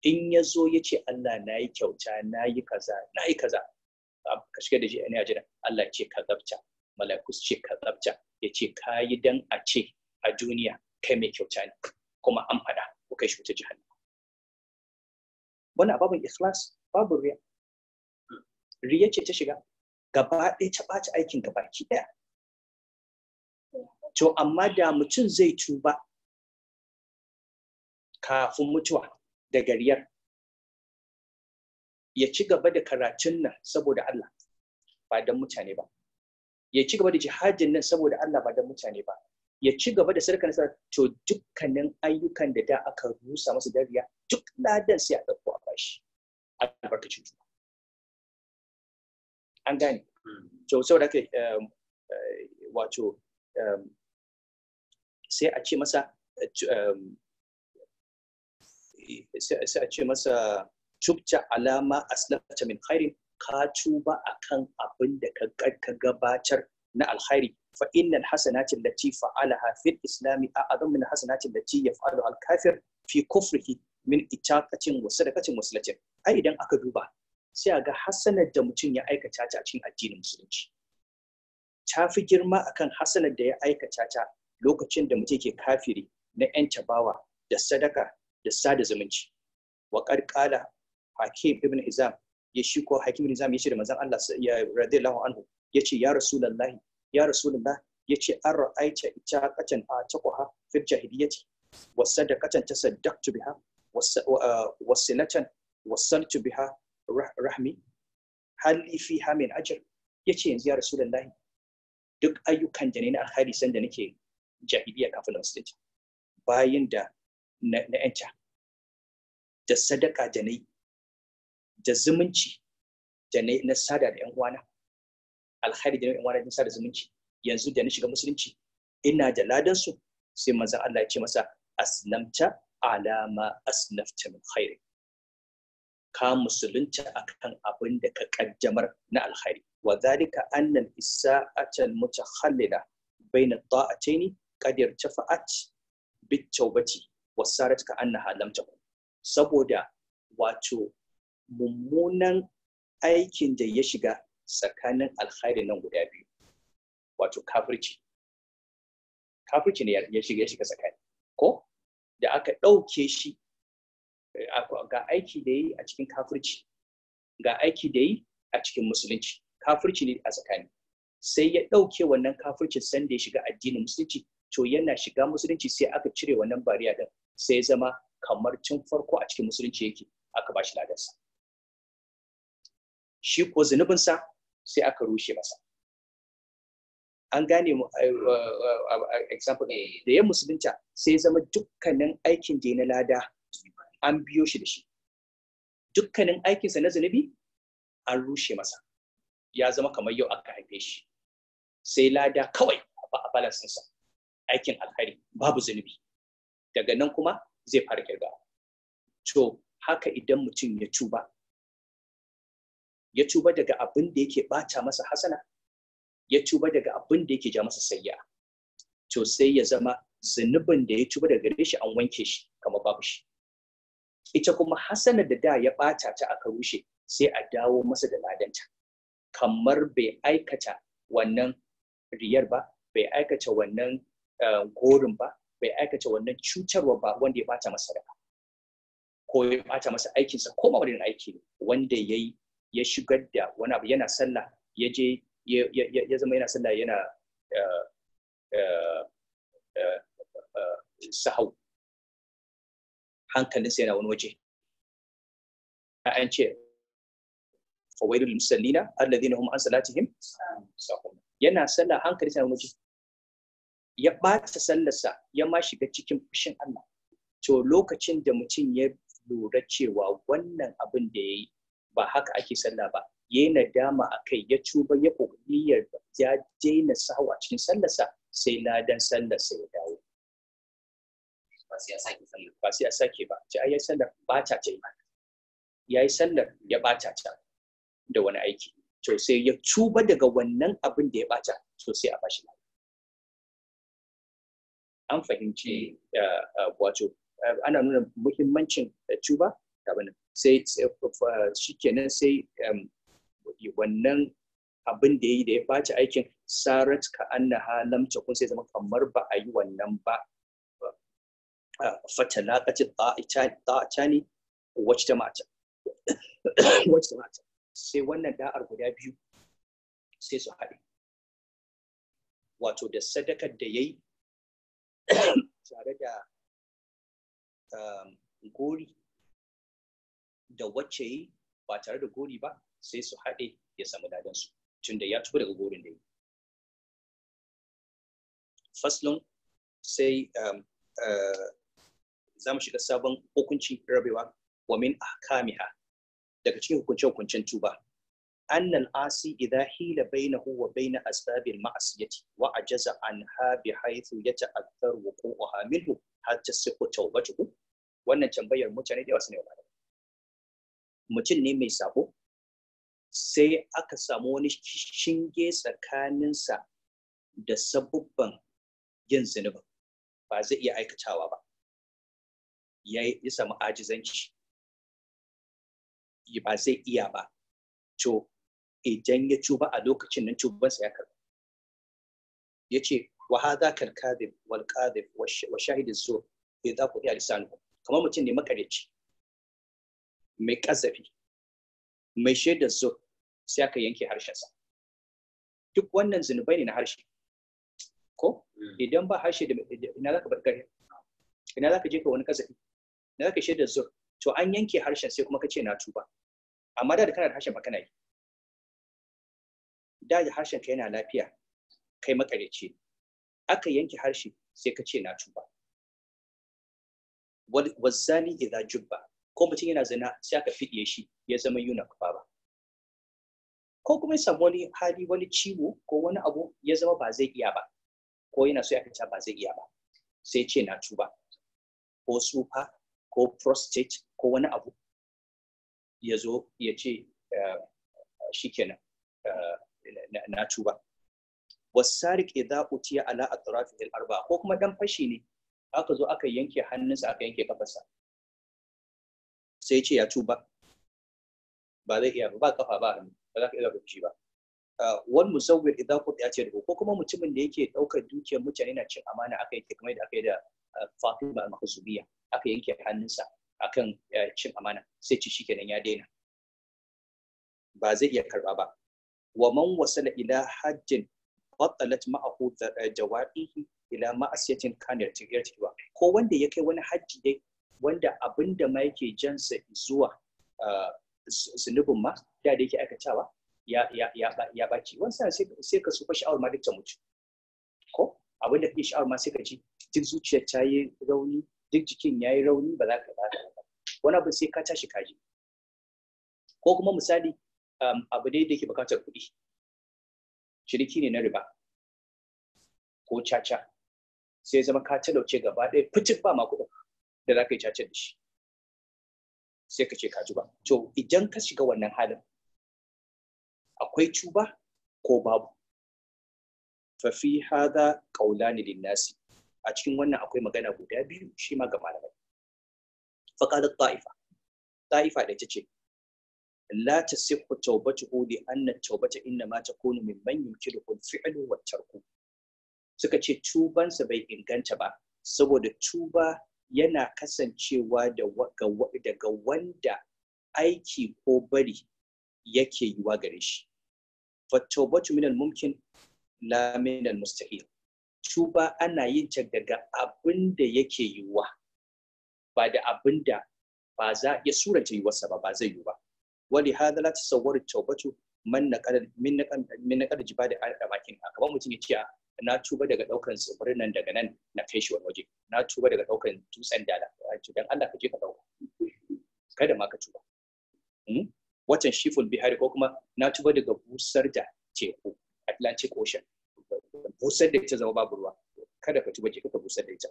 in ya zo ya ce Allah na yi kyauta na yi kaza na yi kaza ka shiga da shi ne a jira Allah ce ka zabta malakus ce ka tsabta ya ce ka yi dan a ce a duniya kai mai kyauta ne kuma an fada ko kai shi wuta jahannama wannan babin ikhlas babu riya riya ce ta shiga gaba ɗaya ta ɓaci aikin gaba ki ɗaya to amma da mutum zai tuba kafin mutuwa daga riyar ya ci gaba da karatun nan saboda Allah ba don mutane ba ya ci gaba da jihadin nan saboda Allah ba don mutane ba ya ci gaba da sarkar sa to dukkanin ayyukan da da aka rusa masa dariya duk ladan sai a dauko a bashi albarkacin juna an gane to saboda haka um, eh, wato um, sai a ce masa um, sai a ce masa tubta alama aslafta min khairin ka tuba kan abin da ka gabatar na alkhairi fa innal hasanati lati fa'alaha fil islami azam min hasanati Lati yaf'alu al kafir fi kufrihi min itaqatin wa sadaqatin muslimin ai idan aka duba sai a ga hasanar da mutum ya aikata ta a cikin addinin musulunci ta fi girma akan hasanar da ya aikata ta lokacin da mutum ke kafiri na yan tabawa da sadaka da sada zumunci wa qarqala hakim ibn hizam ya shi ko hakim nizam yi shi da manzon Allah ya radiyallahu anhu ya ce ya rasulullahi ya rasulullah ya ce an ra'aita ita kacan a takwaha fil jahiliyyati wa sadaqatan tasaddaqtu biha wa uh, silatan wasaltu biha rahmi hali fi hamin ajr yace yanzu ya rasulullahi duk ayyukan da ne na alkhairi san da nake jahiliya kafin musulunci bayan da na yanta da sadaka da nayi da zumunci da na sada da yan uwana alkhairi da yan uwana din sada zumunci yanzu da na shiga musulunci ina da ladan su sai maza Allah ya ce masa aslamta ala ma asnafta min khairi ka musulunta akan abin da ka kaddamar na alkhairi wa zalika annal al-isa'ata al-mutakhallila bayna ta'ataini qad irtafa'at bit tawbati wasarat ka annaha lam takun saboda wato mummunan aikin da ya shiga tsakanin alkhairi nan guda biyu wato kafirci kafirci ne ya shiga shiga tsakani ko da aka ɗauke shi eh, ga aiki da yi a cikin kafirci ga aiki da yi a cikin musulunci kafirci ne a tsakani sai ya ɗauke wannan kafircin san da ya shiga addinin musulunci to yana shiga musulunci sai aka cire wannan bariya din sai ya zama kamar tun farko a cikin musulunci yake aka ba shi ladarsa shi ko zunubinsa sai aka rushe masa an gane mu example da ya musulunta sai zama dukkanin aikin da na lada an biyo shi da shi dukkanin aikinsa na zunubi an rushe masa ya zama kamar yau aka haife shi sai lada kawai a balansinsa aikin alkhairi babu zunubi daga nan kuma zai fara kirga to haka idan mutum ya tuba ya tuba daga abin da yake bata masa hasana ya tuba daga abin da yake ja masa sayya to sai ya zama zunubin da ya tuba daga gare shi an wanke shi kama babu shi ita kuma Hassana da da ya bata ta aka rushe sai a dawo masa da ladanta kamar bai aikata wannan riyar ba bai aikata wannan eh, gorin ba bai aikata wannan cutarwa ba wanda ya bata masa da ko ya bata masa aikinsa ko ma wani aiki ne wanda ya yi ya shigar da wani abu yana sallah ya je ya zama yana sallah yana eh, eh, eh, sahau hankalinsa yana wani waje an ce fawailul musallina alladhina hum an salatihim sahun yana sallah hankalinsa yana wani waje ya ɓata sallarsa ya ma shiga cikin fushin Allah to lokacin da mutum ya lura cewa wannan abin da ya yi ba haka ake sallah ba ya nadama a kai ya cuba ya da. ya daina sawa cikin sallarsa sai ladan sallarsa ya dawo ba sai ya sake ba ci ayi sallar ba ta ta ya yi sallar ya ba ta da wani aiki to sai ya cuba daga wannan abin da ya bata to sai a bashi an fahimci eh. Eh, eh, wato ana nuna muhimmancin cuba da abin sai shi kenan sai wannan abin da ya yi da ya ɓaci aikin sarat ka anna lamta kun sai zama kamar ba a yi wannan ba fata laƙaci ta ne wacce ta mata wacce ta mata sai wannan da'ar guda biyu sai su haɗe wato da sadakar da ya yi tare da gori da wacce yi ba tare da gori ba sai su haɗe ya samu ladansu su tun da ya tuba daga gorin da yi Faslun sai um, uh, za mu shiga sabon hukunci rabewa wa min akamiha daga cikin hukunce hukuncen tuba annal asi idan hila bainahu wa bain asbabil ya wa ajaza anha bi haythu yata'athar wuqu'uha minhu hatta sifu ku. wannan tambayar mutane da wasu ne wa mutum ne mai sabo sai aka samu wani shinge tsakaninsa da sabubban yin zunubin ba zai iya aikatawa ba ya yi samu ajizanci ba zai iya ba to idan ya cuba a lokacin nan cubansa ya karɓa ya ce wa haza kal kadhib wa shahidin wa ya za ku iya lisanu kamar mutum ne makareci mai kazafi mai shaidar zo sai aka yanke harshensa duk wannan zunubai ne na harshe ko hmm. idan ba harshe da ina zaka bar gari ina zaka je ka wani kazafi ina zaka ka zo to an yanke harshen sai kuma ka ce na tuba amma da kana da harshen ba kana yi da da harshen ka yana lafiya kai makareci aka yanke harshe sai ka ce na tuba wazzani idza jubba ko mutum yana zina sai aka fiɗe shi ya zama eunuch ba ko kuma ya samu wani hali wani ciwo ko wani abu ya zama ba zai iya ba ko yana so ya kaca ba zai iya ba sai ce na tuba ko tsufa ko prostate ko wani abu ya zo ya ce eh, shi kenan eh, na tuba wasarik idza utiya ala atrafihi al-arba ko kuma dan fashi ne aka zo aka yanke hannunsa aka yanke kafarsa sai ce ya tuba ba zai iya ba kafa ba hannu ba za ka iya shi ba ah, wan musawwir idan ku ya ce da ko kuma mutumin da yake daukar dukiyar mutane na cin amana aka yi kamar da aka yi da ah, Fatima al-Mahzubiya aka yanke hannunsa akan eh, cin amana sai ci shikenan ya daina ba zai iya karba ba wa man wasala ila hajjin batalat ma'ahu eh, jawarihi ila ma'asiyatin tiyar yartiwa ko wanda ya kai wani hajji dai wanda abin da ma yake jansa zuwa uh, zunubin ma da da yake aikatawa ya ɓaci wani sai ka sufa sha'awar ma duk ta mutu ko abin da kake sha'awar ma sai ka ji duk zuciyar ta yi rauni duk jikin ya yi rauni ba za ka ba ba wani abin sai ka tashi kaji ko kuma misali um, abu ne da ke bukatar kuɗi ciniki ne na riba ko caca sai zama ka talauce gaba ɗaya fitin ba ma kuɗin da za ka yi caca da shi sai ka ce ka ji ba to idan ka shiga wannan halin akwai cuba ko babu fa fi hadha qawlani linnasi a cikin wannan akwai magana guda biyu shi ma ga malamai fa ta'ifa ta'ifa da tace la tasihhu hu li anna tawbata inna ma ta kunu min man yunkiru kun filu wa tarku suka ce tuban sa bai inganta ba saboda tuba yana kasancewa daga wanda aiki ko bari yake yiwa gare shi fattobatu minal mumkin la minal mustahil tuba ana yin ta daga abin da yake yiwa ba da abin da ba za ya suranta yiwarsa ba ba zai yiwu ba Wani hada la ta tawbatu man naqal min naqal min naqal jibadi al amakin ba mutum ya ce na tuba daga daukan tsibirin nan daga nan na kai shi wani waje na tuba daga daukan tutsen dala dan Allah ka je ka dauka kada ma ka tuba hmm? watan shiful bihari ko kuma na tuba daga busar da teku Atlantic Ocean busar da ita zama babu ruwa kada ka tuba ke ka busar da ita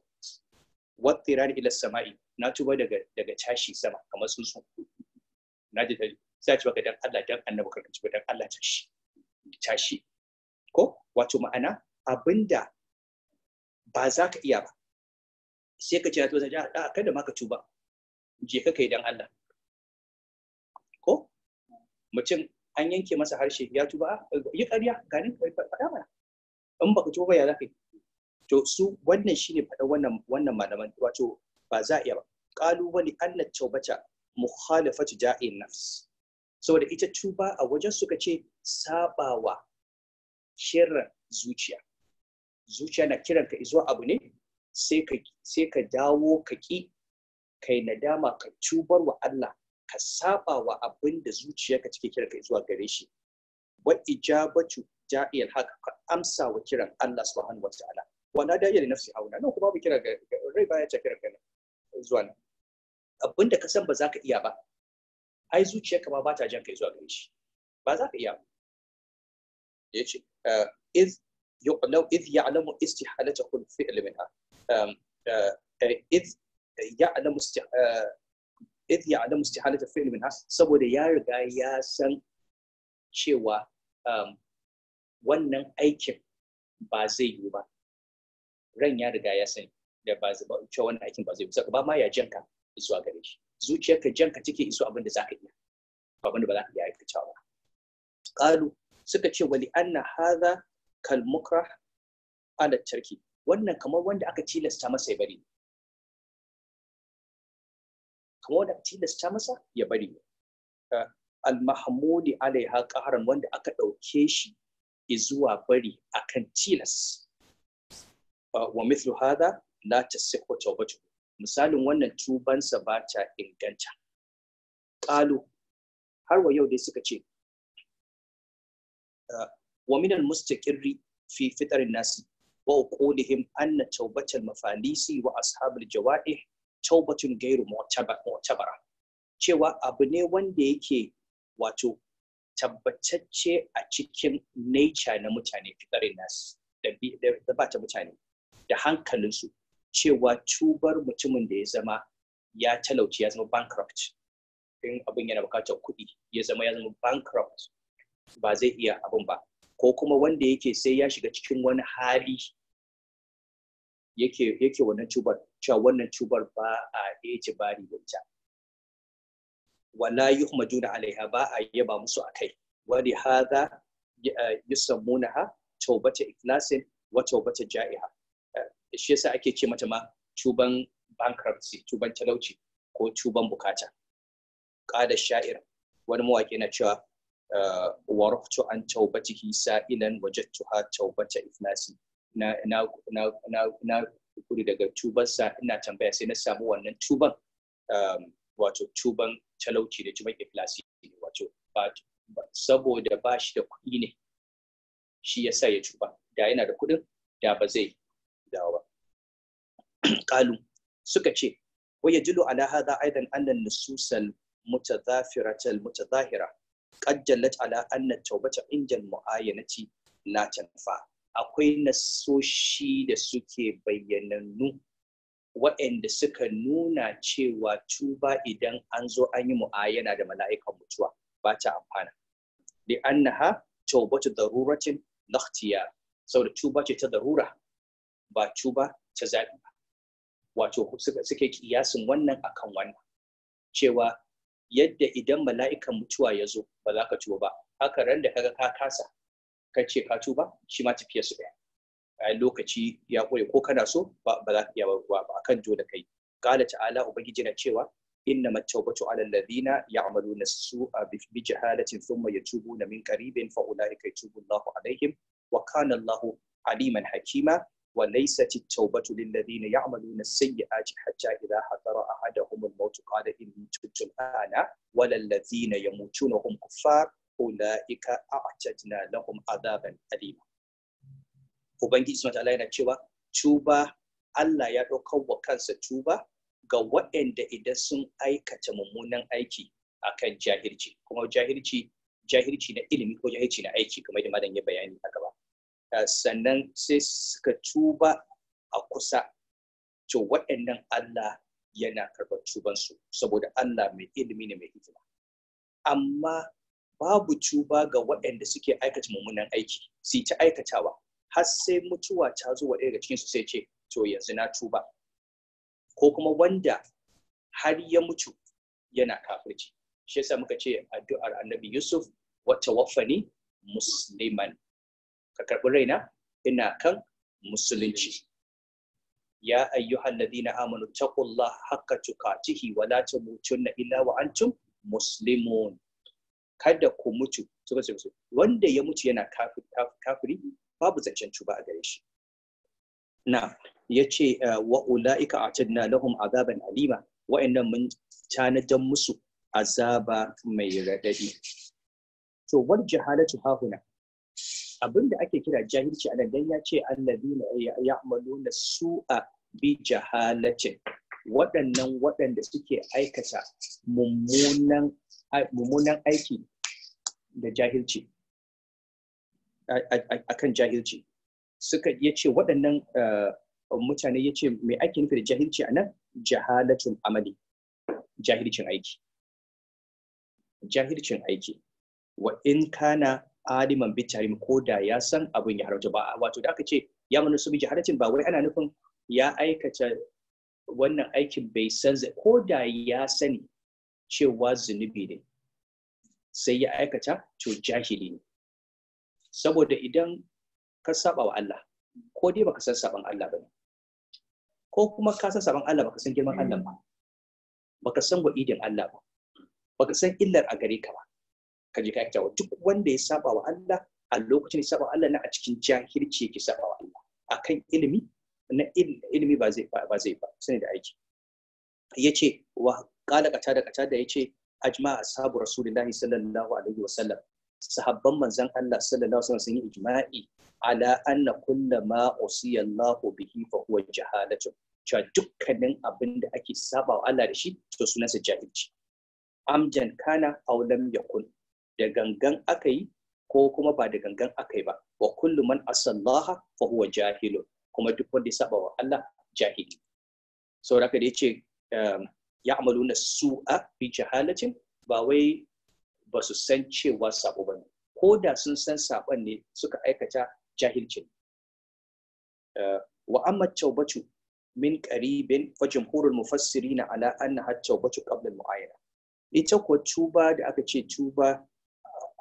wattirar ila sama'i na tuba daga daga tashi sama kamar tsuntsu na ji dai sai ci baka dan Allah dan annabi ka tuba dan Allah tashi tashi ko wato ma'ana abinda ba za ka iya ba sai ka ce to sai a kada ma ka tuba je ka kai dan Allah ko mutum an yanke masa harshe ya tuba yi ƙarya gani faɗa mana in baka tuba ya za ka yi to su wannan shine faɗa wannan wannan malaman wato ba za a iya ba kalubale anna taubata mukhalafatu da'in nafs saboda ita tuba a wajen suka ce sabawa shirin zuciya zuciya na kiran ka zuwa abu ne sai ka sai ka dawo ka ki kai nadama ka tubar wa Allah ka saba wa abin da zuciyarka cike kiran ka zuwa gare shi wa ijabatu ja'il haka ka amsa wa kiran Allah subhanahu wa ta'ala wa na da iyali nafsi auna nan kuma babu kira ga rai baya ta kira ka zuwa nan abinda ka san ba za ka iya ba ai zuciyarka ka ba ta jan ka izuwa gare shi ba za ka iya ba yace eh, iz يعلم إذ يعلم استحالته الفعل منها إذ يعلم إذ يعلم استحالة الفعل منها saboda ya riga ya san cewa wannan aikin ba zai yi ba ran ya riga ya sani da ba zai cewa wannan aikin ba zai yi saka ba ma ya janka zuwa gare shi zuciyarka janka take iso abin da zaka iya abin da ba za ka iya aikata ba qalu suka ce wali anna hadha kalmukra mukrah ala tarki wannan kamar wanda aka tilasta masa ya bari kamar wanda aka tilasta masa ya bari al mahmudi alaiha qaharan wanda aka dauke shi izuwa bari akan tilas wa mithlu hadha la tasihhu tawbatuhu misalin wannan tubansa ba ta inganta qalu har wa yau dai suka ce ah, wa min al-mustaqirri fi fitar nasi wa uqudihim anna tawbat al-mafalisi wa ashab al cewa abu ne wanda yake wato tabbatacce a cikin nature na mutane fitarin nasu da ba ta mutane da hankalinsu cewa tubar mutumin da ya zama ya talauci ya zama bankrupt in abin yana bukatar kuɗi ya zama ya zama bankrupt ba zai iya abin ba ko kuma wanda yake sai ya shiga cikin wani hali yake yake wannan cubar cewa wannan cubar ba a bari da ita wala yuhmaduna alaiha ba a yaba musu akai wali hadha yusammunaha tawbata ikhlasin wa tawbata ja'iha shi yasa ake ce mata ma cuban bankruptcy tuban talauci ko cuban bukata qada sha'ir wani mawaki na cewa ورحت an tawbatihi sa'ilan wajadtuha tawbata iflasi na na na na na kuri daga tubansa ina tambaya sai na samu wannan tuban wato tuban talauci da tuban iflasi wato saboda ba shi da kuɗi ne shi ya sa ya tuba da yana da kuɗin da ba zai dawo ba kalu suka ce wa yajilu ala hadha aidan annan nususan nusus al mutadhahira qad ala anna tawbata injal mu'ayyanati la tanfa akwai nasoshi da suke bayyanannu waɗanda suka nuna cewa tuba idan an zo an yi mu'ayyana da mala'ikan mutuwa ba ta amfana li annaha tawbatu daruratin la ikhtiyar saboda tuba ce ta darura ba tuba ta zaɓi ba wato suke kiyasin wannan akan wannan cewa yadda idan mala'ikan mutuwa ya zo ba za ka tuba ba haka ran da kaga ka kasa ka ce ka tuba shi ma tafiya su daya bayan lokaci ya kure ko kana so ba za ka iya ba ba akan jo da kai qala ta'ala ubangiji na cewa inna at-tawbatu 'ala alladhina ya'maluna as-su'a bi jahalatin thumma yatubuna min qaribin fa ulaika yatubu Allahu 'alaihim wa kana Allahu aliman hakima wa laysatit tawbatu lil ladina ya'maluna sayyi'ati hatta idha hadara ahaduhum al maut qala inni tubtu al-ana wa lil ladina yamutuna hum kuffar ulaika a'tadna lahum adaban alima ubangiji subhanahu ta'ala yana cewa "Cuba Allah ya ɗaukar wa kansa Cuba ga waɗanda idan sun aikata mummunan aiki akan jahilci kuma jahilci na ilimi ko jahilci na aiki kamar da madan ya bayani a gaba Eh, sannan sai suka tuba a kusa to waɗannan Allah yana karɓar tubansu saboda Allah mai ilimi ne mai hikima amma babu tuba ga waɗanda suke aikata mummunan aiki su ta aikatawa har sai mutuwa ta zo wa ɗaya daga cikinsu sai ce to yanzu na tuba ko kuma wanda har ya mutu yana kafirci shi yasa muka ce addu'ar annabi yusuf wata wafani musliman ka karɓi raina ina kan musulunci ya ayyuhan ladina amanu taqullah haqqa tuqatihi wa la tamutunna illa wa antum muslimun kada ku mutu wanda ya mutu yana kafiri babu zancen tuba a gare shi na yace eh, wa ulaika atadna lahum azaban alima wa'annan mun tanadan musu azaba mai radadi to wal jahalatu hahuna abin da ake kira jahilci a nan dan ya ce ya amalu na su'a bi jahalacin waɗannan waɗanda suke aikata mummunan aiki da jahilci kan jahilci suka ya ce waɗannan mutane ya ce mai ake nufi da jahilci a nan jahalacin amali jahilcin aiki jahilcin aiki wa in kana aliman bitarim ko da ya san abin ya haramta ba wato da aka ce ya manu su bi jaharacin ba wai ana nufin ya aikata wannan aikin bai san ko da ya sani cewa zunubi ne sai ya aikata to jahili ne saboda idan ka saba wa Allah ko dai baka san saban Allah bane ko kuma ka san saban Allah baka san girman Allah ba baka san wa'idin Allah ba baka san illar a gare ka ba ka je ka duk wanda ya saba wa Allah a lokacin saba wa Allah na a cikin jahilci yake saba wa Allah akan ilimi na ilimi ba zai ba zai ba sai da aiki yace wa qala qata da qata da yace ajma ashabu rasulillahi sallallahu alaihi wasallam sahabban manzon Allah sallallahu alaihi wasallam sun yi ijma'i ala anna kullu ma usiya Allah bihi fa huwa jahalatu cewa dukkanin abin da ake saba wa Allah da shi to sunansa jahilci amjan kana aw lam yakun da gangan aka yi ko kuma ba da gangan aka yi ba wa kullu man asallaha fa huwa jahilun kuma duk wanda ya saba wa Allah jahili saboda ce da um, yace na su'a bi jahalacin, ba wai ba su san cewa sabo bane ko da sun san saɓon ne suka aikata jahilcin uh, wa amma tawbatu min qaribin fa jumhurul mufassirina ala na tawbatu qabla al ita ko tuba da aka ce tuba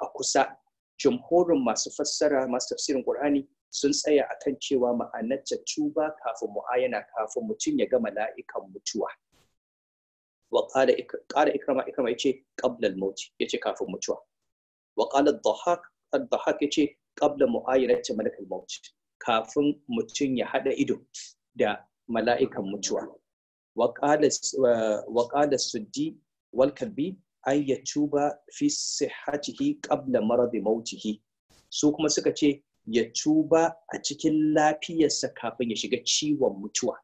a kusa jamhurin masu fassara masu tafsirin Qur'ani sun tsaya akan cewa ma'anar cuba kafin mu'ayana kafin mutum ya ga mala'ikan mutuwa wa qala ikrama ikrama yace qabla al-maut yace kafin mutuwa wa qala ad-dhahak ad-dhahak yace qabla mu'ayanati malak al-maut kafin mutum ya hada ido da mala'ikan mutuwa wa qala wa qala suddi wal kalbi an ya tuba fi sihatihi qabla maradi mautihi su kuma suka ce ya tuba a cikin lafiyarsa kafin ya shiga ciwon mutuwa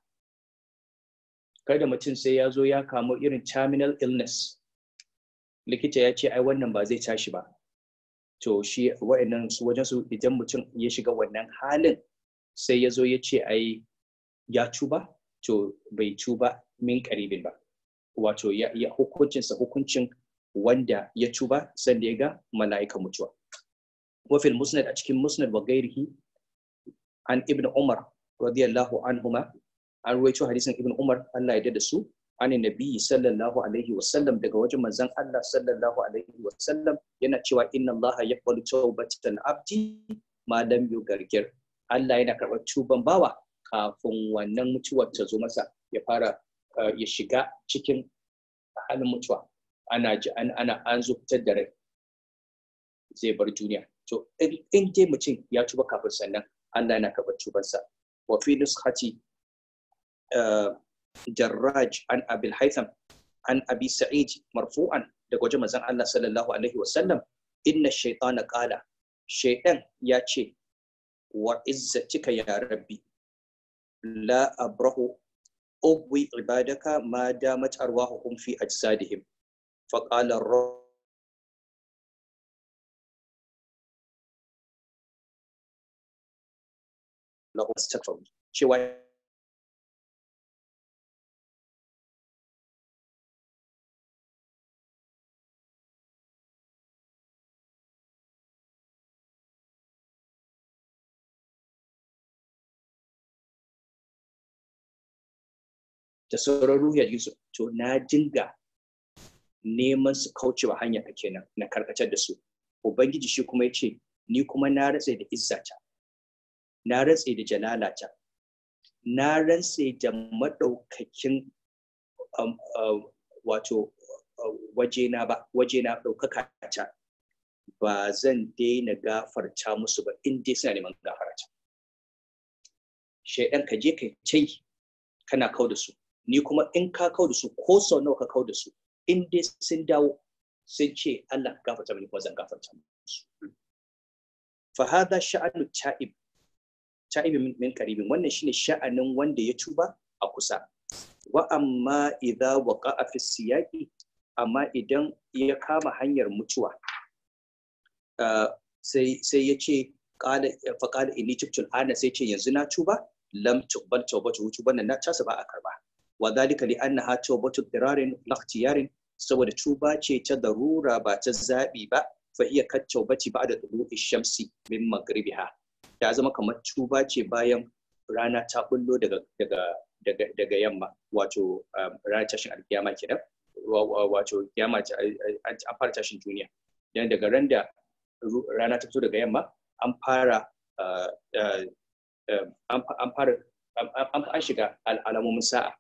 kada mutum sai ya zo ya kamu irin terminal illness likita ya ce ai wannan ba zai tashi ba to shi wa'annan su wajen su idan mutum ya shiga wannan halin sai ya zo ya ce ai ya tuba to bai tuba min karibin ba wato ya hukuncinsa hukuncin wanda ya tuba sanda ya ga mala'ika mutuwa wafil musnad a cikin musnad wa gairihi an ibn umar radiyallahu anhuma an ruwaito hadisin ibn umar Allah ya da su an nabi sallallahu alaihi wasallam daga wajen manzon Allah sallallahu alaihi wasallam yana cewa inna Allah yaqbalu tawbatan abdi ma lam yugargir Allah yana karɓar tuban bawa kafin wannan mutuwar ta zo masa ya fara eh, ya shiga cikin halin mutuwa ana ji an ana an zo fitar da rai zai bar duniya to in dai mutum ya tuba kafin sannan Allah yana karɓar tubansa wa fi nushati eh, jarraj an abil haitham an abi sa'id marfu'an daga wajen manzon Allah sallallahu alaihi wa sallam inna shaytana qala shaytan ya ce wa izzatika ya rabbi la abrahu ubwi ibadaka ma damat arwahuhum fi ajsadihim فقال الرب له استغفر شوية da sauran ruhiyar Yusuf to na jinga neman su kauce wa hanya kenan na karkatar da su ubangiji shi kuma ya ce. ni kuma na ratse da izzata na ratse da jalalata na rantse da madaukakin um, um, wato um, wajena ba ɗaukaka ta ba zan daina gafarta musu ba in dai suna neman gafarta shaidan ka je ka kai kana kau da su ni kuma in ka kau da su ko sau nawa ka kau da su in dai sun dawo sun ce Allah gafarta mini ko zan gafarta musu fa hada sha'anu ta'ib ta'ib min karibin wannan shine sha'anin wanda ya tuba a kusa wa amma idza waqa'a fi siyaqi amma idan ya kama hanyar mutuwa ah, sai sai ya ce qala fa qala inni tubtu ana sai ce yanzu na tuba lam tuqbal tawbatu tuban na tasa ba a karba wa dalika li annaha tawbatu dirarin la ikhtiyarin saboda tuba ce ta darura ba ta zabi ba fa iya kattaubati ba'da tulu'i shamsi min magribiha ta zama kamar tuba ce bayan rana ta bullo daga daga daga daga yamma wato um, rana tashin alkiyama kenan wato kiyama an fara tashin duniya dan daga ran da rana ta fito daga yamma an fara uh, uh, um, an fara an shiga alamomin sa'a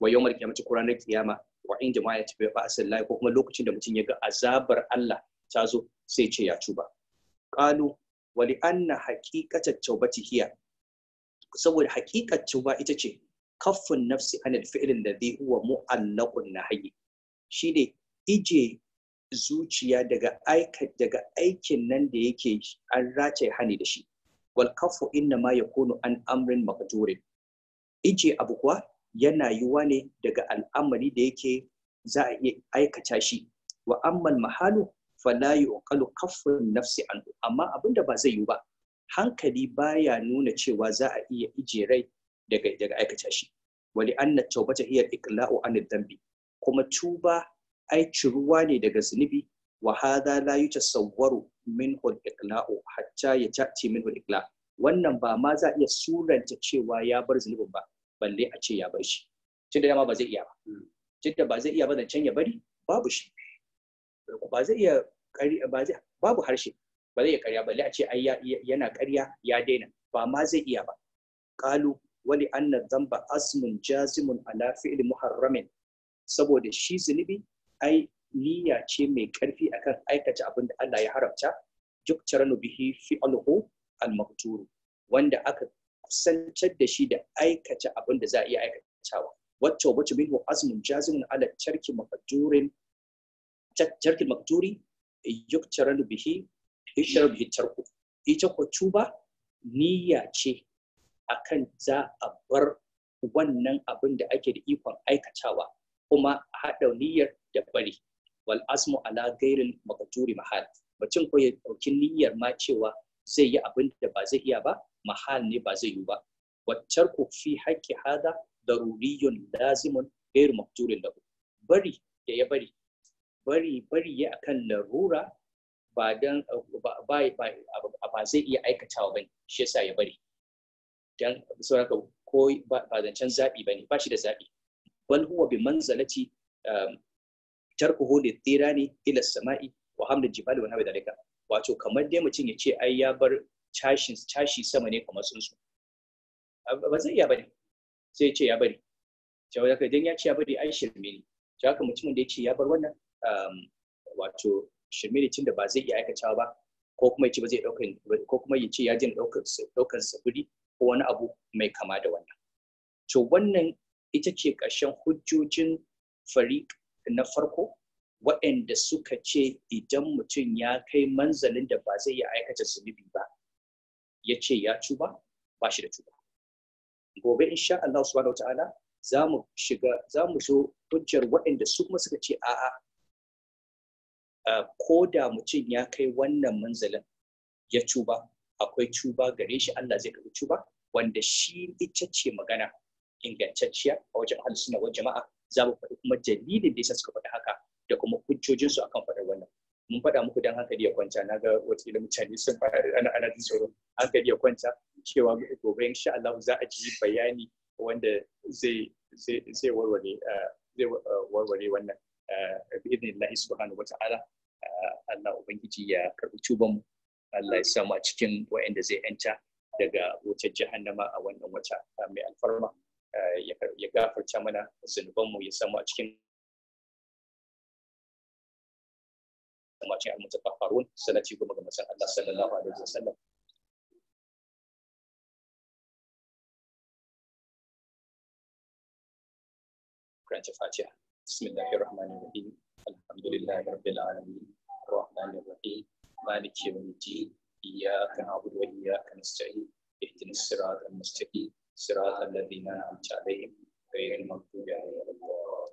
wa yawmar kiyamati ko ranar kiyama wa in jama'a ta bi ba'sillahi ko kuma lokacin da mutum ya ga azabar Allah ta zo sai ce ya tuba qalu wa li anna haqiqata tawbati hiya saboda haqiqat tuba ita ce kaffun nafsi anil fi'lin ladhi huwa mu'allaqun nahyi shine ije zuciya daga daga aikin nan da yake an race hani da shi wal kaffu inna ma yakunu an amrin maqdurin ije abu kuwa yana yiwuwa ne daga al'amari da yake za a iya aikata shi wa amman mahalu fala yuqalu kaffun nafsi anhu amma abinda ba zai yi ba hankali baya nuna cewa za a iya ije rai daga daga aikata shi wali anna tawbata hiya iqla'u anid dambi kuma tuba ai ciruwa ne daga zunubi wa hadha la yutasawwaru minhu al-iqla'u hatta yata'ti minhu al-iqla' wannan ba ma za a iya suranta cewa ya bar zunubin ba balle a ce ya bar shi tun da dama ba zai iya ba hmm. tun da ba zai iya ba can ya bari babu shi ba zai iya ba zai babu harshe ba zai iya ƙarya balle a ce ai yana ƙarya ya daina ba ma zai iya ba qalu wali anna dhanba asmun jazimun ala fi'li muharramin saboda shi zunubi ai niyya ce mai karfi akan aikata abin da Allah ya haramta yuktaranu bihi fi'luhu al-maqtur wanda aka kusantar da shi da aikata abin da za a iya aikatawa wacce wacce minhu azmun jazimun ala tarki maqdurin tarki maqduri yuktaru bihi yuktaran bihi tarku ita ko tuba niyya ce akan za a bar wannan abin da ake da ikon aikatawa kuma a haɗa niyyar da bari wal azmu ala ghairil maqduri mahal mutum ko ya dauki niyyar ma cewa zai yi abin da ba zai iya ba mahal ne ba zai yi ba waccar ku fi haƙƙi hada daruriyun lazimun gairu da lahu bari da ya bari bari bari ya akan larura ba dan ba zai iya aikatawa bane shi yasa ya bari dan sauraka ko ba can zabi bane ba shi da zabi bal huwa bi manzalati um, tarkuhu lit-tirani ila samai wa al jibali wa nawi wato kamar dai mutum ya ce ai ya bar tashi sama ne kamar tsuntsu ba zai iya bari sai ya ce ya bari cewa daga idan ya ce ya bari ai shirme ne cewa ka mutumin da ya ce ya bar wannan um, wato shirme ne tunda ba zai iya aikatawa ba ko kuma ya ce ba zai ɗaukan ko kuma ya ce ya jin ɗaukan sabiri ko wani abu mai kama da wannan to wannan ita ce ƙarshen hujjojin fariq na farko waɗanda suka ce idan mutum ya kai manzalin da ba zai yi aikata zunubi ba ya ce ya cuba ba shi da cuba gobe insha Allah subhanahu ta'ala za mu shiga za mu zo hujjar waɗanda su kuma suka ce a'a ko da mutum ya kai wannan manzalin ya cuba akwai cuba gare shi Allah zai karbi cuba wanda shi ita ce magana ingantacciya a wajen ahlus jama'a za mu faɗi kuma dalilin da yasa suka faɗi haka da kuma su akan faɗar wannan mun faɗa muku dan hankali ya kwanta na ga watakila mutane sun fara ana ana jin tsoro hankali ya kwanta cewa gobe insha Allah za a ji bayani wanda zai zai zai warware eh, zai eh, warware wannan eh, bi Allah subhanahu wata'ala Allah ubangiji ya karbi tuban mu Allah ya samu a cikin wa'anda zai yanta daga wutar jahannama a wannan wata mai alfarma ya gafarta mana zunubanmu ya samu a cikin kuma ce al-mutakaffarun salati kuma ga manzon Allah sallallahu alaihi wasallam karanta fatiha bismillahir rahmanir rahim alhamdulillahi rabbil alamin arrahmanir rahim maliki yawmiddin iyyaka na'budu wa iyyaka nasta'in ihdinas siratal mustaqim siratal ladzina an'amta alaihim ghayril maghdubi alaihim